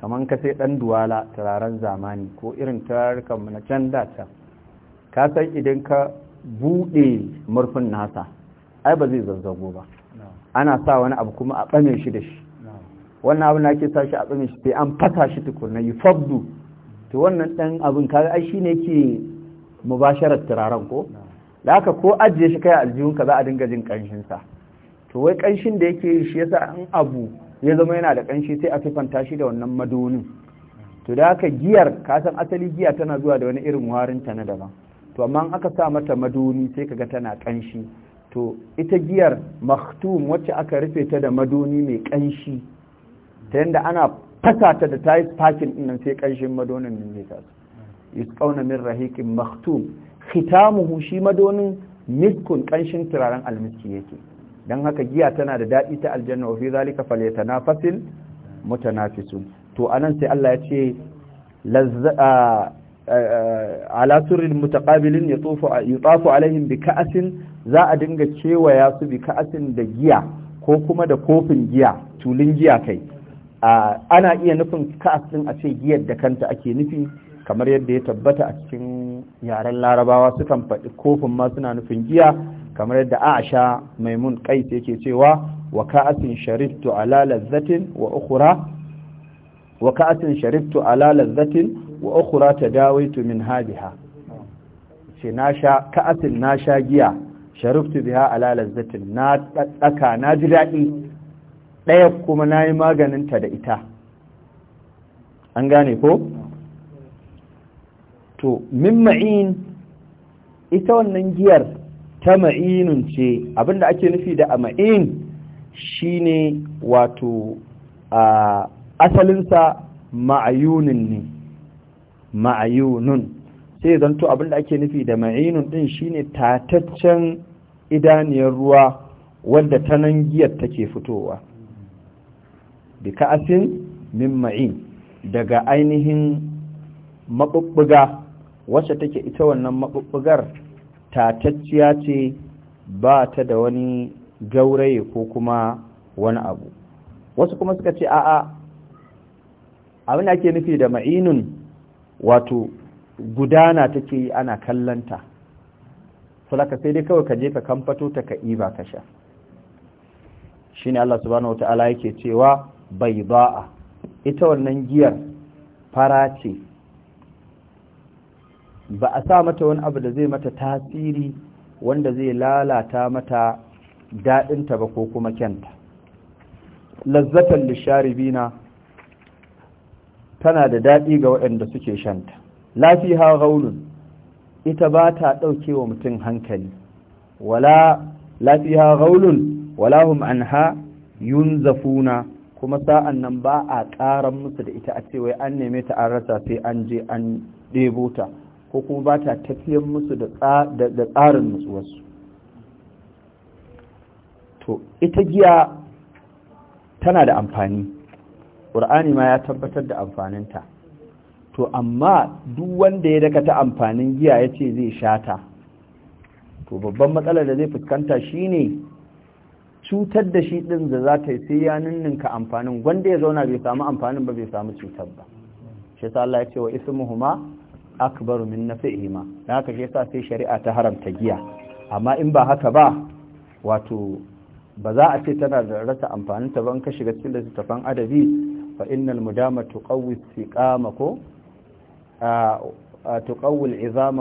kamar ka sai ɗan duwala turaren zamani ko irin turarkan na can da ta, ka san idan ka buɗe murfin nasa ai ba zai zanzago ba ana sa wani abu kuma a tsame shi da shi wannan abin na ake sa shi a tsame shi sai an fasa shi tukunna yi fabdu to wannan ɗan abin kaga ai shine yake mubasharar turaren ko da haka ko ajiye shi kai aljihunka za a dinga jin ƙanshinsa to wai ƙanshin da yake yi shi yasa an abu ya zama yana da ƙanshi sai a sifanta shi da wannan madonin to da haka giyar ka san asali giya tana zuwa da wani irin warinta na daban to amma aka sa mata madoni sai kaga tana ƙanshi to ita giyar maktum wacce aka rufe ta da madoni mai ƙanshi ta yadda ana fasa ta da yi fakin ɗin nan sai ƙanshin madonin nan zai taso yusqauna min rahikin maktum khitamuhu shi madonin miskun kanshin turaren almiski yake don haka giya tana da daɗi ta aljanna wa fi zalika falyatanafasil mutanafisun to anan sai Allah ya ce ala surrin mutaqabilin yutafu alaihim bi ka'asin za a dinga cewa ya su bi ka'asin da giya ko kuma da kofin giya tulin giya kai ana iya nufin ka'as ɗin a ce giyar da kanta ake nufi kamar yadda ya tabbata a cikin yaren larabawa sukan faɗi kofin ma suna nufin giya kamar yadda aisha maimun mai yake cewa wa ka'atin shariftu ala lazzatin wa ukhra wa ka'atin shariftu ala lazzatin wa ukhra tadawaitu min hadiha ce na sha ka'atin na sha giya shariftu biha ala lazzatin na tsaka na ji daɗi ɗaya kuma na yi ta da ita an gane ko to min ma'in ita wannan giyar ta ma'inun ce abinda ake nufi da a ma'in shine wato a asalinsa ma'ayunin ne ma'ayunun sai zanto abinda ake nufi da ma'inun din shine tataccen idaniyar ruwa wadda ta nan giyar take fitowa bika ka'asin min ma'in daga ainihin maɓuɓɓuga wacce take ita wannan maɓuɓɓugar tatacciya ce ba ta da wani gauraye ko kuma wani abu wasu kuma suka ce a'a abin ake nufi da ma'inun wato gudana take yi ana kallanta sulaka sai dai kawai ka je ka kamfato ta ka iba ka sha shine Allah subhanahu wata'ala yake cewa bai ba'a ita wannan giyar fara ce ba a sa mata wani abu da zai mata tasiri wanda zai lalata mata daɗinta ba ko kuma kyanta lazzatan lisharibina tana da daɗi ga waɗanda suke shanta ha gaulun ita ba ta ɗauke wa mutum hankali wala lafiha gaulun wala hum yun zafuna kuma sa'an nan ba a ƙaran musu da ita a ce wai an neme ta an rasa sai an je an ɗebo ta ko kuma ba ta tafiyar musu da tsarin nutsuwarsu to ita giya tana da amfani ƙur'ani ma ya tabbatar da amfaninta to amma duk wanda ya ta amfanin giya ya ce zai sha ta. to babban matsalar da zai fuskanta shine cutar da shi ɗin da za ta yi sai ya ninninka amfanin wanda ya zauna bai samu amfanin ba bai samu cutar ba shi Allah ya ce wa ismuhuma akbaru min nafi'ihima da haka shi yasa sai shari'a ta haramta giya amma in ba haka ba wato ba za a ce tana da rasa amfanin ta ban ka shiga cikin littattafan adabi fa innal mudamatu qawwi siqama ko تقوي العظام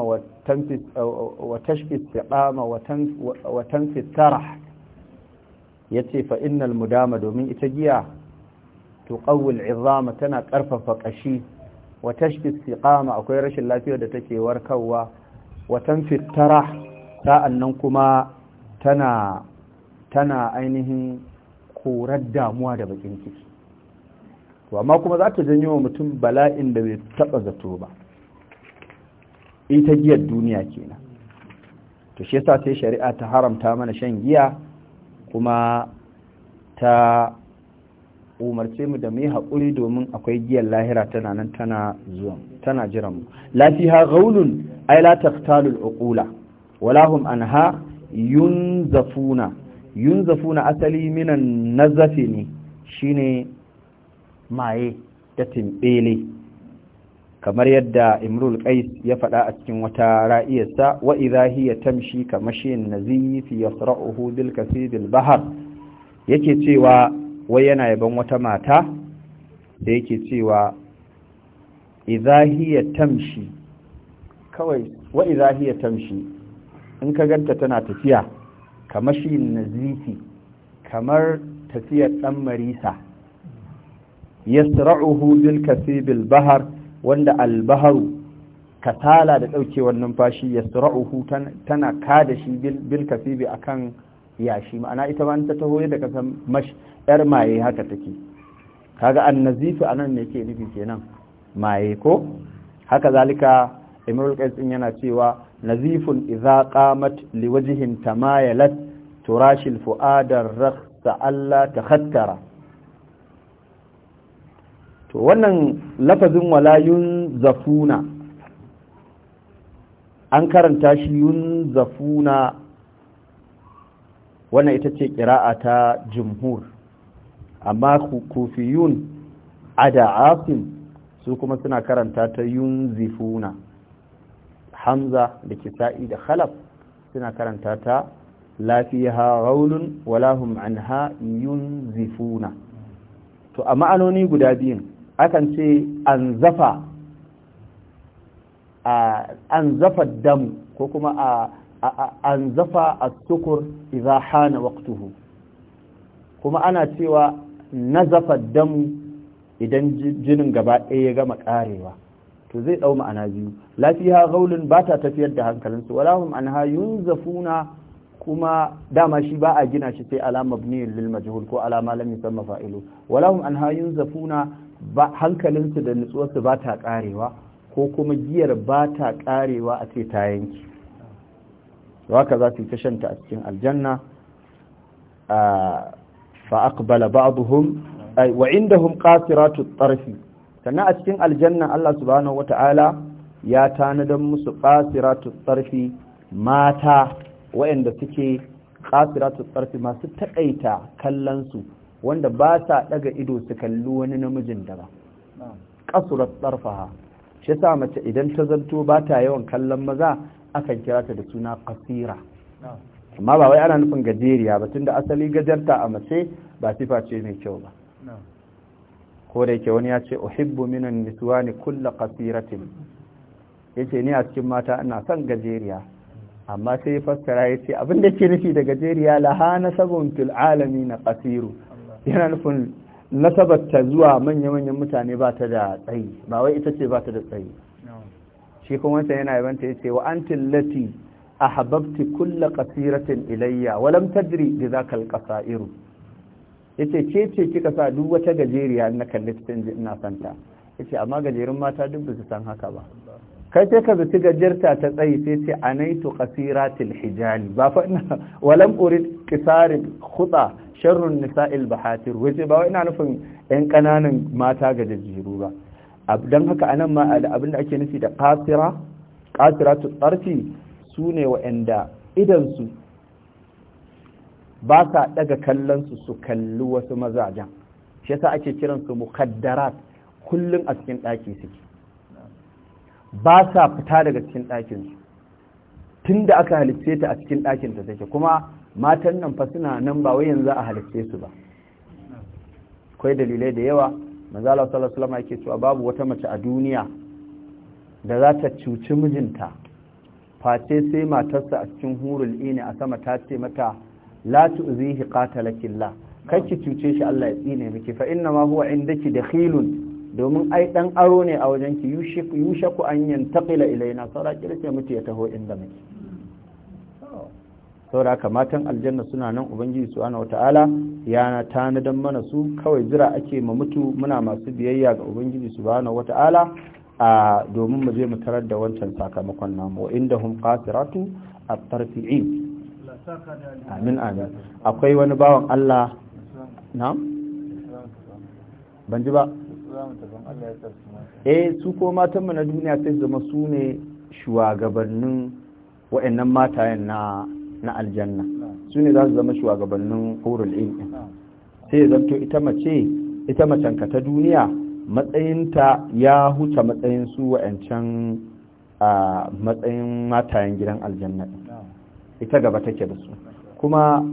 وتشفي السقام وتنفي الترح يتي فإن domin ita giya? تقوي العظام tana karfafa قشي wa tashfi istiqama akwai rashin lafiyar da take warkarwa wa tanfitara sa'annan kuma tana tana ainihin korar damuwa da bakin ciki to amma kuma za ta janyo wa mutum bala'in da bai taba zato ba ta giyar duniya kenan to shi yasa sai shari'a ta haramta mana shan giya kuma ta umarce mu da mu haƙuri domin akwai giyar lahira tana nan tana zuwa tana jiran mu lafiha gaulun ay la taqtalu al-uqula wala hum anha yunzafuna yunzafuna asali minan nazafi ne shine maye da timbele kamar yadda imrul qais ya faɗa a cikin wata ra'iyarsa wa idha hiya tamshi kamashin nazifi yasra'uhu bil kasib al-bahr yake cewa wai yana yaban wata mata da yake cewa izahiyya tamshi kawai wa izahiyya tamshi in ka ganta tana tafiya kamar shi nazifi kamar tafiyar ɗan marisa yasra'uhu bil kasibil bilbahar wanda albaharu kasala da ɗaukewar numfashi yasra'uhu tana kada shi bil kasibi akan yashi ma'ana ita ba ta taho yadda ka mashi yar maye haka take kaga annazifu anan ne ke nufi kenan maye ko haka zalika imrul qais yana cewa nazifun idza qamat liwajhin tamayalat turashil fuadar rakhsa alla takhattara to wannan lafazin walayun zafuna an karanta shi yun zafuna wannan ita ce ƙira'a ta jumhur amma kufiyun ada asim su kuma suna karanta ta yun zifuna hamza da kisa'i da khalaf suna karanta ta lafiha raulun walahum anha zifuna to a ma'anoni guda biyun akan ce an zafa an zafa dam ko kuma an zafa a tukur idha hana waqtuhu kuma ana cewa nazafa damu idan jinin gaba ɗaya ya gama ƙarewa to zai ɗau ma'ana biyu lafiya gaulin ba ta tafiyar da hankalinsu wala hum hayun zafuna kuma dama shi ba a gina shi sai alama mabniyin lil majhul ko alama lam yusamma fa'ilu wala hum hayun zafuna ba hankalinsu da nutsuwarsu ba ta ƙarewa ko kuma giyar ba ta ƙarewa a ce ta yanki waka za su yi ta shanta a cikin aljanna ah, fa aqbala ba'dhum ay wa indahum qasiratu sannan a cikin aljanna Allah subhanahu wata'ala ya tanadan musu qasiratu tarfi mata waɗanda suke qasiratu tarfi masu takaita kallon su wanda ba sa daga ido su kalli wani namijin ba. qasurat tarfaha shi yasa mace idan ta zanto ba ta yawan kallon maza akan kira ta da suna qasira amma ba wai ana nufin gajeriya ba tunda asali gajarta a mace ba sifa ce mai kyau ba ko da yake wani ya ce uhibbu minan niswani kulla qasiratin yace ni a cikin mata ina son gajeriya amma sai fassara yace abin da yake nufi da gajeriya lahana sabon fil alamin qasiru yana nufin nasabar ta zuwa manya-manyan mutane ba ta da tsayi ba wai ita ce ba ta da tsayi shi kuma wancan yana yabanta ce wa antil lati ahabbti kulla qasiratin ilayya wa lam tadri bi alqasair yace ke ce kika sa duk wata gajeriya na kalli cikin ina santa yace amma gajerun mata duk ba su san haka ba kai sai ka zaci gajerta ta tsayi sai ce anaitu qasiratil hijali ba fa ina walam urid qisarin khuta sharrun nisa'il bahatir wace ba ina nufin yan kananan mata gajeru ba don haka anan ma abin da ake nufi da qasira qasiratu tsarki. su ne wa'anda idansu ba sa daga kallonsu su kalli wasu mazajen shi yasa ake kiransu mukaddarat kullum a cikin ɗaki suke ba sa fita daga cikin ɗakinsu tun da aka halitce ta a cikin ɗakinta take kuma matan nan fa suna nan ba wai yanzu a halitce su ba akwai dalilai da yawa Allah sallallahu alaihi wasallam yake cewa babu wata mace a duniya da za ta cuci mijinta face sai matarsa a cikin hurul ini a sama ta ce mata la tu'zihi qatalakillah ki cuce shi Allah ya tsine miki fa inna ma huwa indaki dakhilun domin ai dan aro ne a wajen ki yushaku an yantaqila ilaina sara kirce miki ya taho inda miki saboda matan aljanna suna nan ubangiji subhanahu wata'ala ya tanadan mana su kawai jira ake ma mutu muna masu biyayya ga ubangiji subhanahu wata'ala a domin mu je mu tarar da wancan sakamakon namu wa indahum qasiratu at-tarfi'in amin amin akwai wani bawan Allah na'am ban ji ba eh su ko matan mu na duniya sai zama su ne shugabannin wa'annan matayen na na aljanna su ne za su zama shugabannin hurul ilm sai zanto ita mace ita macen ka ta duniya matsayinta ya huce matsayin su wa'ancan a matsayin matayen gidan aljanna ita gaba take da su kuma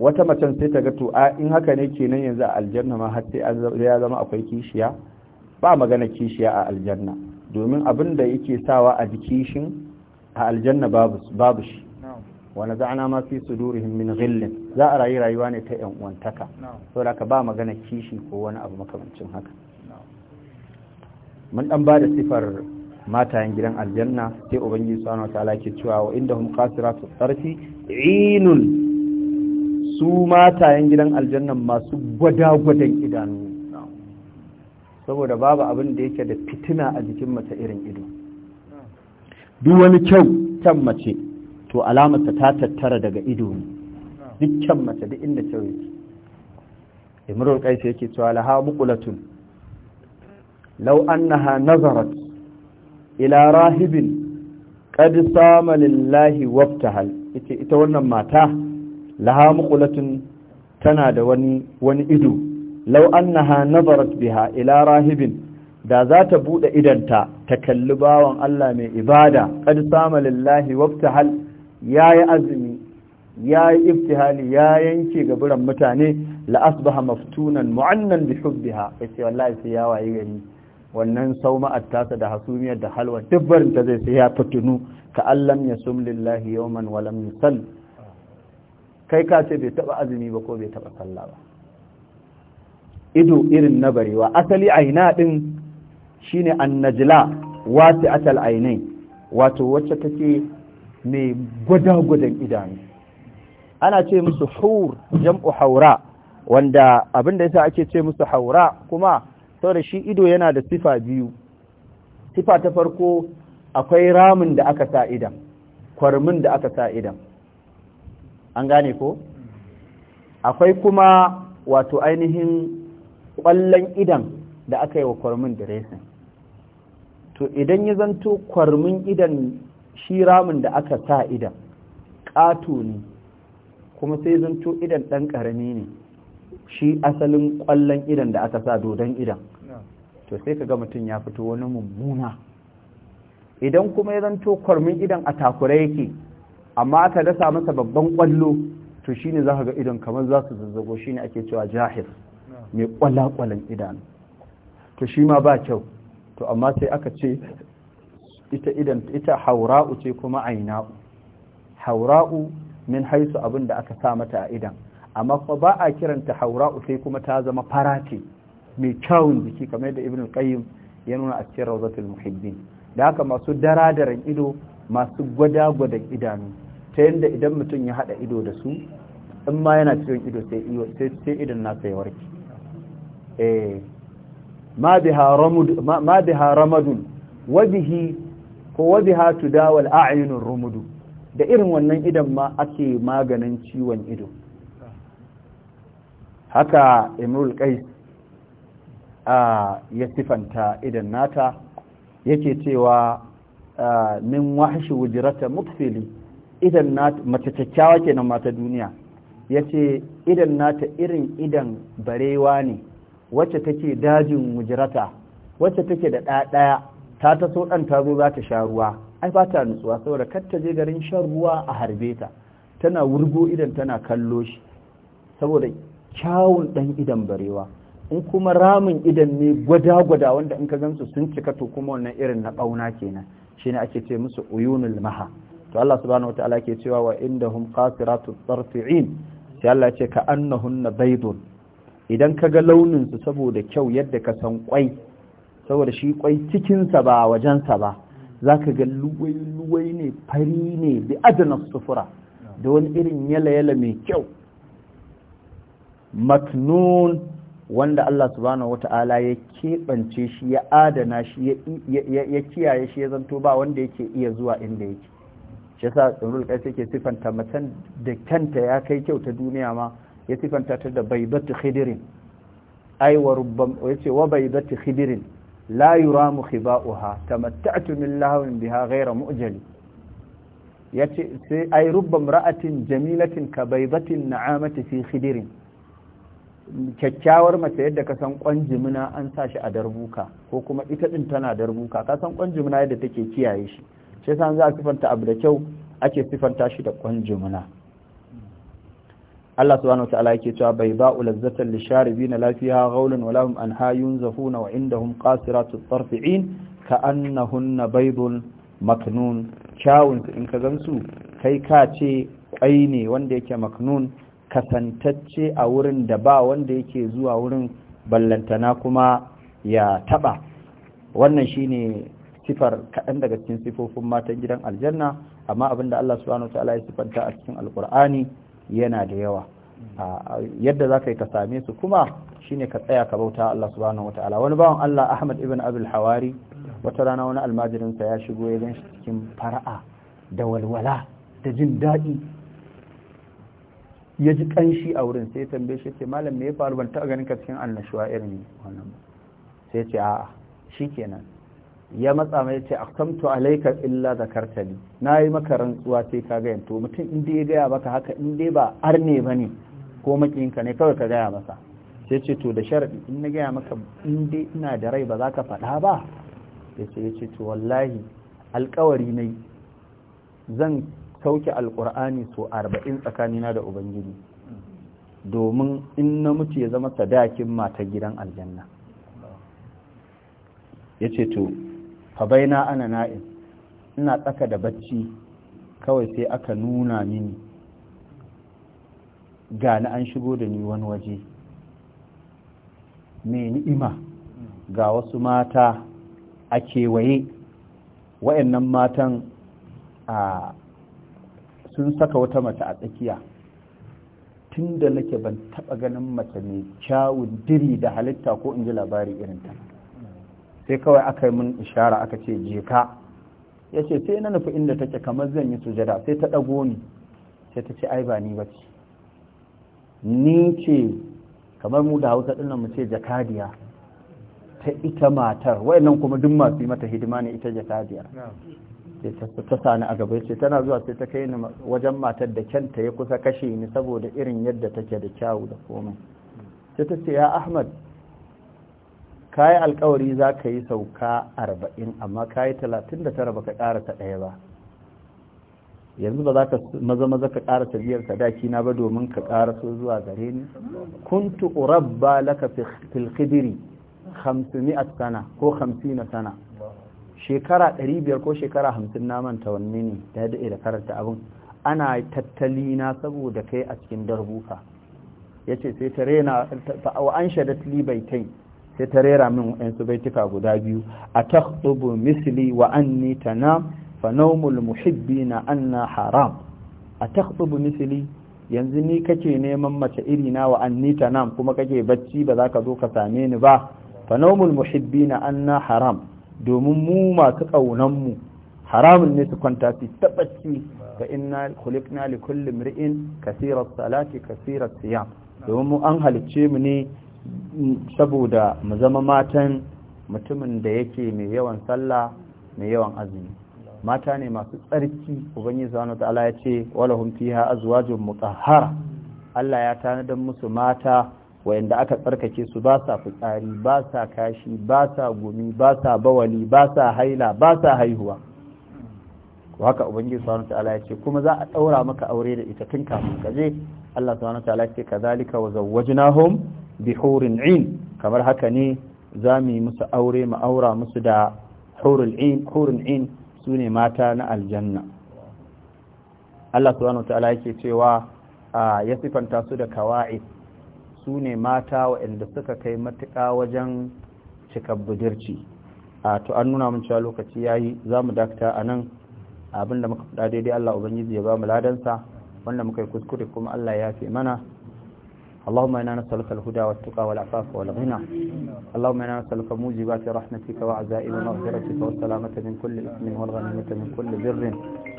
wata macen sai ta gato a in haka ne kenan yanzu a aljanna ma har sai ya zama akwai kishiya ba magana kishiya a aljanna domin abin da yake sawa a jikishin a aljanna babu shi wani za'ana ma fi durihin min ghillin za a rayu rayuwa ne ta yan uwantaka saboda ka ba magana kishi ko wani abu makamancin haka mun dan ba da sifar matayen gidan aljanna sai ubangiji subhanahu wataala ke cewa wa indahum qasiratu tarfi inun su matayen gidan aljanna masu gwada-gwadan idanu saboda babu abin da yake da fitina a jikin mace irin ido duk wani kyau can mace to alamata ta tattara daga ido ne duk can mace duk inda kyau yake imrul kaisa yake cewa laha muqulatun law annaha nazarat ila rahibin qad sama lillahi waftahal ita wannan mata laha muqulatun tana da wani wani ido law annaha nazarat biha ila rahibin da za ta bude idanta ta kalli bawan Allah mai ibada qad sama lillahi waftahal yayi azumi yayi ibtihali ya yanke gaburan mutane la asbaha maftunan mu'annan bi hubbiha yace wallahi sai ya waye gani. wannan sauma'ar tasa da hasumiyar da halwa dubbarin ta zai sai ya fitinu ka allam ya sum lillahi yawman walam kai ka ce bai taba azumi ba ko bai taba sallah ba ido irin na barewa asali aina din shine annajla atal ainai wato wacce take mai gwada-gwadan idanu ana ce musu hur jam'u haura wanda abinda yasa ake ce musu haura kuma saboda shi ido yana da sifa biyu sifa ta farko akwai ramin da aka sa idan kwarmin da aka sa idan an gane ko akwai kuma wato ainihin ƙwallon idan da aka yi wa kwarmin diresin to idan ya zanto kwarmin idan shi ramin da aka sa idan ƙato ne kuma sai zanto idan ɗan ƙarami ne shi asalin ƙwallon idan da aka sa dodon idan to sai ka ga mutum ya fito wani mummuna idan kuma ya zanto kwarmin idan a takura yake amma aka dasa masa babban kwallo to shi ne za ka ga idan kamar za su zazzago shi ne ake cewa jahir mai ƙwallon idan. to shi ma ba kyau to amma sai aka ce ita idan ita haura'u ce kuma aina'u haura'u min haisu abin da aka sa mata a idan amma fa ba a kiranta haura'u sai kuma ta zama fara mai kyawun jiki kamar da ibn qayyim ya nuna a cikin rawzatul muhibbin da haka masu daradaran ido masu gwada-gwadan idanu ta yadda idan mutum ya hada ido da su in ma yana ciwon ido sai sai idan nasa ya warke eh ma biha ramud ma biha ramadun wa bihi ko wa biha tudawal a'yunur rumud da irin wannan idan ma ake maganin ciwon ido haka imrul qais ya sifanta idan nata yake cewa min wahshi wujrata mutfili idan nata mace kyakkyawa kenan mata duniya yace idan nata irin idan barewa ne wacce take dajin wujrata wacce take da ɗaya ta taso ɗan ta zo za ta sha ruwa ai ba ta nutsuwa saboda kar ta je garin shan ruwa a harbe ta tana wurgo idan tana kallo shi saboda kyawun ɗan idan barewa in kuma ramin idan ne gwada-gwada wanda in ka gansu sun cika to kuma wannan irin na ɓauna kenan shi ne ake ce musu uyunul maha to Allah subhanahu wataala ke cewa wa indahum qasiratu tarfi'in sai Allah ce ka na baidun. idan ka ga launin su saboda kyau yadda ka san kwai saboda shi kwai cikin sa ba wajen sa ba ka ga luwai luwai ne fari ne bi adana sufura da wani irin yala yala mai kyau maknun wanda Allah subhanahu wata'ala ya keɓance shi ya adana shi ya kiyaye shi ya zanto ba wanda yake iya zuwa inda yake shi sa tsirul kai ke sifanta macen da kanta ya kai kyau ta duniya ma ya sifanta ta da baibatu khidirin Aiwa wa ya yace wa baibatu khidirin la ta khiba'uha tamatta'tu min lahawin biha ghayra mu'jali ce sai ai rubbam ra'atin jamilatin ka baibatin na'amati fi khidirin kyakkyawar mace yadda ka san kwanjimina an sa shi a darbuka ko kuma ita ɗin tana darbuka ka san kwanjimina yadda take kiyaye shi shi yasa za a sifanta abu da kyau ake sifanta shi da kwanjimina Allah subhanahu wa ta'ala yake cewa bai ba'u lazzatan lisharibina lafiha ghawlan wa lahum anha yunzafuna wa indahum qasiratu tarfi'in annahunna baydun maknun kyawun in ka gansu kai ka ce kwai ne wanda yake maknun kasantacce a wurin da ba wanda yake zuwa wurin ballantana kuma ya taba wannan shine sifar kaɗan daga cikin sifofin matan gidan aljanna amma abinda Allah subhanahu wa ta'ala ya sifanta a cikin alkur'ani yana da yawa yadda za ka yi ka same su kuma shine ka tsaya ka bauta Allah subhanahu wa ta'ala wani bawan Allah Ahmad ibn Abdul Hawari wata rana wani almajirinsa ya shigo ya gan shi cikin fara'a da walwala da jin daɗi ya ji kanshi a wurin sai tambaye shi ce malam me ya faru ban taɓa ganin ka cikin annashuwa irin wannan sai ce a'a shikenan ya matsa mai ce aqtamtu alayka illa zakartani nayi maka rantsuwa sai ka ga to mutum in dai ya gaya maka haka in dai ba arne bane ko makinka ne kawai ka gaya masa sai ce to da sharadi in na gaya maka in dai ina da rai ba za ka faɗa ba sai ce to wallahi alƙawari ne zan sauke alkur'ani so arba'in tsakanina da ubangiji domin in na mutu ya zama sadakin mata gidan aljanna ya ce to baina ana na'in ina tsaka da bacci kawai sai aka nuna mini gani an shigo da ni wani waje mai ni'ima ga wasu mata a kewaye wayannan matan a sun saka wata mace a tsakiya tun da nake ban taɓa ganin mace mai kyawun diri da halitta ko in ji labari irin ta sai kawai aka yi min ishara aka ce je ka ya ce sai na nufi inda take kamar zan yi sujada sai ta ɗago ni sai ta ce ai ba ni bace ni ce kamar mu da hausa ɗin mu ce jakadiya ta ita matar wayannan kuma duk masu yi mata hidima ne ita jakadiya ta sani a gaba ce tana zuwa sai ta kai ni wajen matar da kyanta ya kusa kashe ni saboda irin yadda take da kyawu da komai sai ta ce ya ahmad ka yi alkawari za ka yi sauka arba'in amma ka yi talatin da tara baka karasa ɗaya ba yanzu ba za ka maza maza ka karasa biyar sadaki na ba domin ka karaso zuwa gare ni kuntu urabba laka fil khidri 500 sana ko 50 sana shekara biyar ko shekara hamsin na manta wanne ne da ya daɗe da karanta abin ana tattali na saboda kai a cikin darbuka ya ce sai ta rena wa an shadat bai baitai sai ta rera min bai tuka guda biyu a takhtubu misli wa anni fanomul fa na an na haram a takhtubu misli yanzu ni kake neman mace iri na wa ta na kuma kake bacci ba za ka zo ka same ni ba fa na an na haram domin mu masu mu haramun ne su kwanta su tabbaci ga inna khuliqna li kulli mri'in kaseerat salati kaseerat siyam domin mu an halice mu ne saboda mu zama matan mutumin da yake mai yawan sallah mai yawan azumi mata ne masu tsarki ubangiji zanu ta'ala ya ce walahum fiha azwajun mutahhara Allah ya tanadar musu mata wayanda aka tsarkake su ba sa fitsari ba sa kashi ba sa gumi ba sa bawali ba sa haila ba sa haihuwa haka ubangiji subhanahu ta'ala ya ce kuma za a daura maka aure da ita tun kafin ka je Allah subhanahu ta'ala ya ce kazalika wa zawwajnahum bi hurin in kamar haka ne za mu yi musu aure mu aura musu da hurul in hurun in sune mata na aljanna Allah subhanahu ta'ala yake cewa ya sifanta su da kawa'id su ne mata waɗanda suka kai matuƙa wajen cika budurci a to an nuna mun cewa lokaci ya yi za mu dakata a nan abinda muka faɗa daidai Allah Ubangiji ya ba mu ladansa wanda muka yi kuskure kuma Allah ya fi mana اللهم إنا نسألك الهدى والتقى والعفاف والغنى اللهم إنا نسألك موجبات رحمتك وعزائم مغفرتك والسلامة من كل إثم والغنيمة من كل بر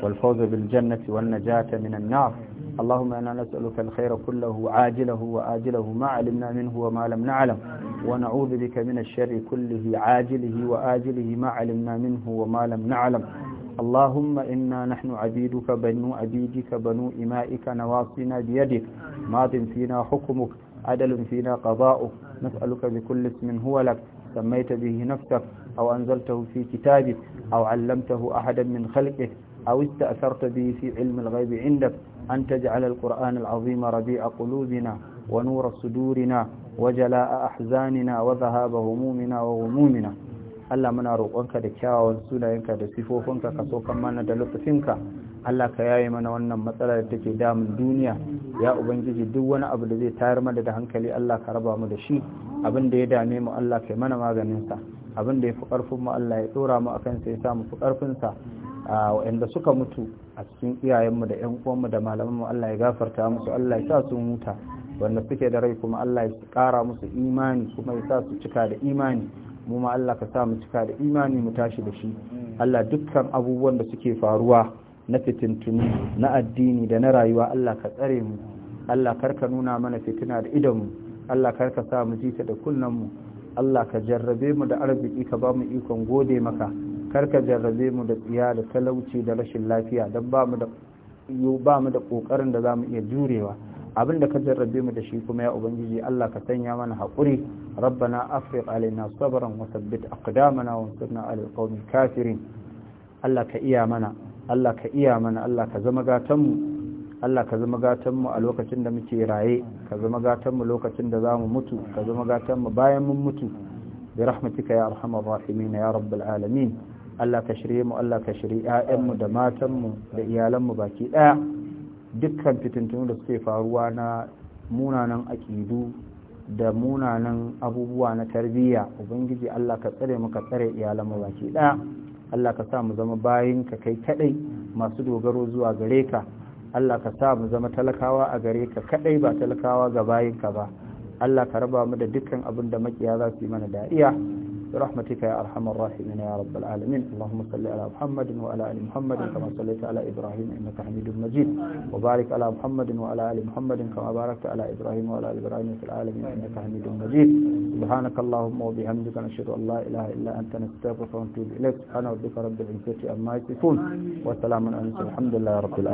والفوز بالجنة والنجاة من النار اللهم إنا نسألك الخير كله عاجله وآجله ما علمنا منه وما لم نعلم ونعوذ بك من الشر كله عاجله وآجله ما علمنا منه وما لم نعلم اللهم إنا نحن عبيدك بنو عبيدك بنو إمائك نواصينا بيدك ماض فينا حكمك عدل فينا قضاؤك نسألك بكل اسم هو لك سميت به نفسك أو أنزلته في كتابك أو علمته أحدا من خلقك أو استأثرت به في علم الغيب عندك أن تجعل القرآن العظيم ربيع قلوبنا ونور صدورنا وجلاء أحزاننا وذهاب همومنا وغمومنا Allah muna roƙonka da kyawawan sunayenka da sifofinka ka so kan mana da lutufinka Allah ka yaye mana wannan matsala da take damun duniya ya ubangiji duk wani abu da zai tayar mana da hankali Allah ka raba mu da shi abin da ya dame mu Allah kai mana maganin sa abin da ya fi karfin mu Allah ya ɗora mu akan sai ya sa mu fi sa waɗanda suka mutu a cikin iyayenmu da yan uwanmu da malamanmu Allah ya gafarta musu Allah ya sa su huta wanda suke da rai kuma Allah ya kara musu imani kuma ya sa su cika da imani mu ma Allah ka sa mu cika da imani mu tashi da shi Allah dukkan abubuwan da suke faruwa na fitintunu na addini da na rayuwa Allah ka tsare mu Allah karka nuna mana fitina da idonmu Allah ka sa mu jita da mu. Allah ka jarrabe mu da arziki ka ba mu ikon gode maka karka jarrabe mu da tsiya da talauci da rashin lafiya don ba mu da ƙoƙarin da kokarin za mu iya jurewa abin da ka jarrabe mu da shi kuma ya ubangiji Allah ka sanya mana haƙuri rabbana afriq alaina sabran wa thabbit aqdamana wa ansurna ala alqawmi kafirin Allah ka iya mana Allah ka iya mana Allah ka zama gatan mu Allah ka zama gatan mu a lokacin da muke raye ka zama gatan mu lokacin da zamu mutu ka zama gatan mu bayan mun mutu برحمتك يا ارحم الراحمين يا رب العالمين Allah ka shirye mu Allah ka shirye ƴaƴanmu da matanmu da iyalanmu baki ɗaya dukkan fitintunu da suke faruwa na munanan aƙidu da munanan abubuwa na tarbiyya ubangiji Allah ka tsare mu ka tsare iyalanmu baki ɗaya Allah ka sa mu zama bayin ka kai kaɗai masu dogaro zuwa gare ka Allah ka sa mu zama talakawa a gare ka kaɗai ba talakawa ga bayin ka ba Allah ka raba mu da dukkan abin da makiya za su yi mana dariya برحمتك يا أرحم الراحمين يا رب العالمين اللهم صل على محمد وعلى آل محمد كما صليت على إبراهيم إنك حميد مجيد وبارك على محمد وعلى آل محمد كما باركت على إبراهيم وعلى آل إبراهيم في العالمين إنك حميد مجيد سبحانك اللهم وبحمدك نشهد أن لا إله إلا أنت نستغفرك ونتوب إليك سبحان ربك رب العزة عما يصفون وسلام على الحمد لله رب العالمين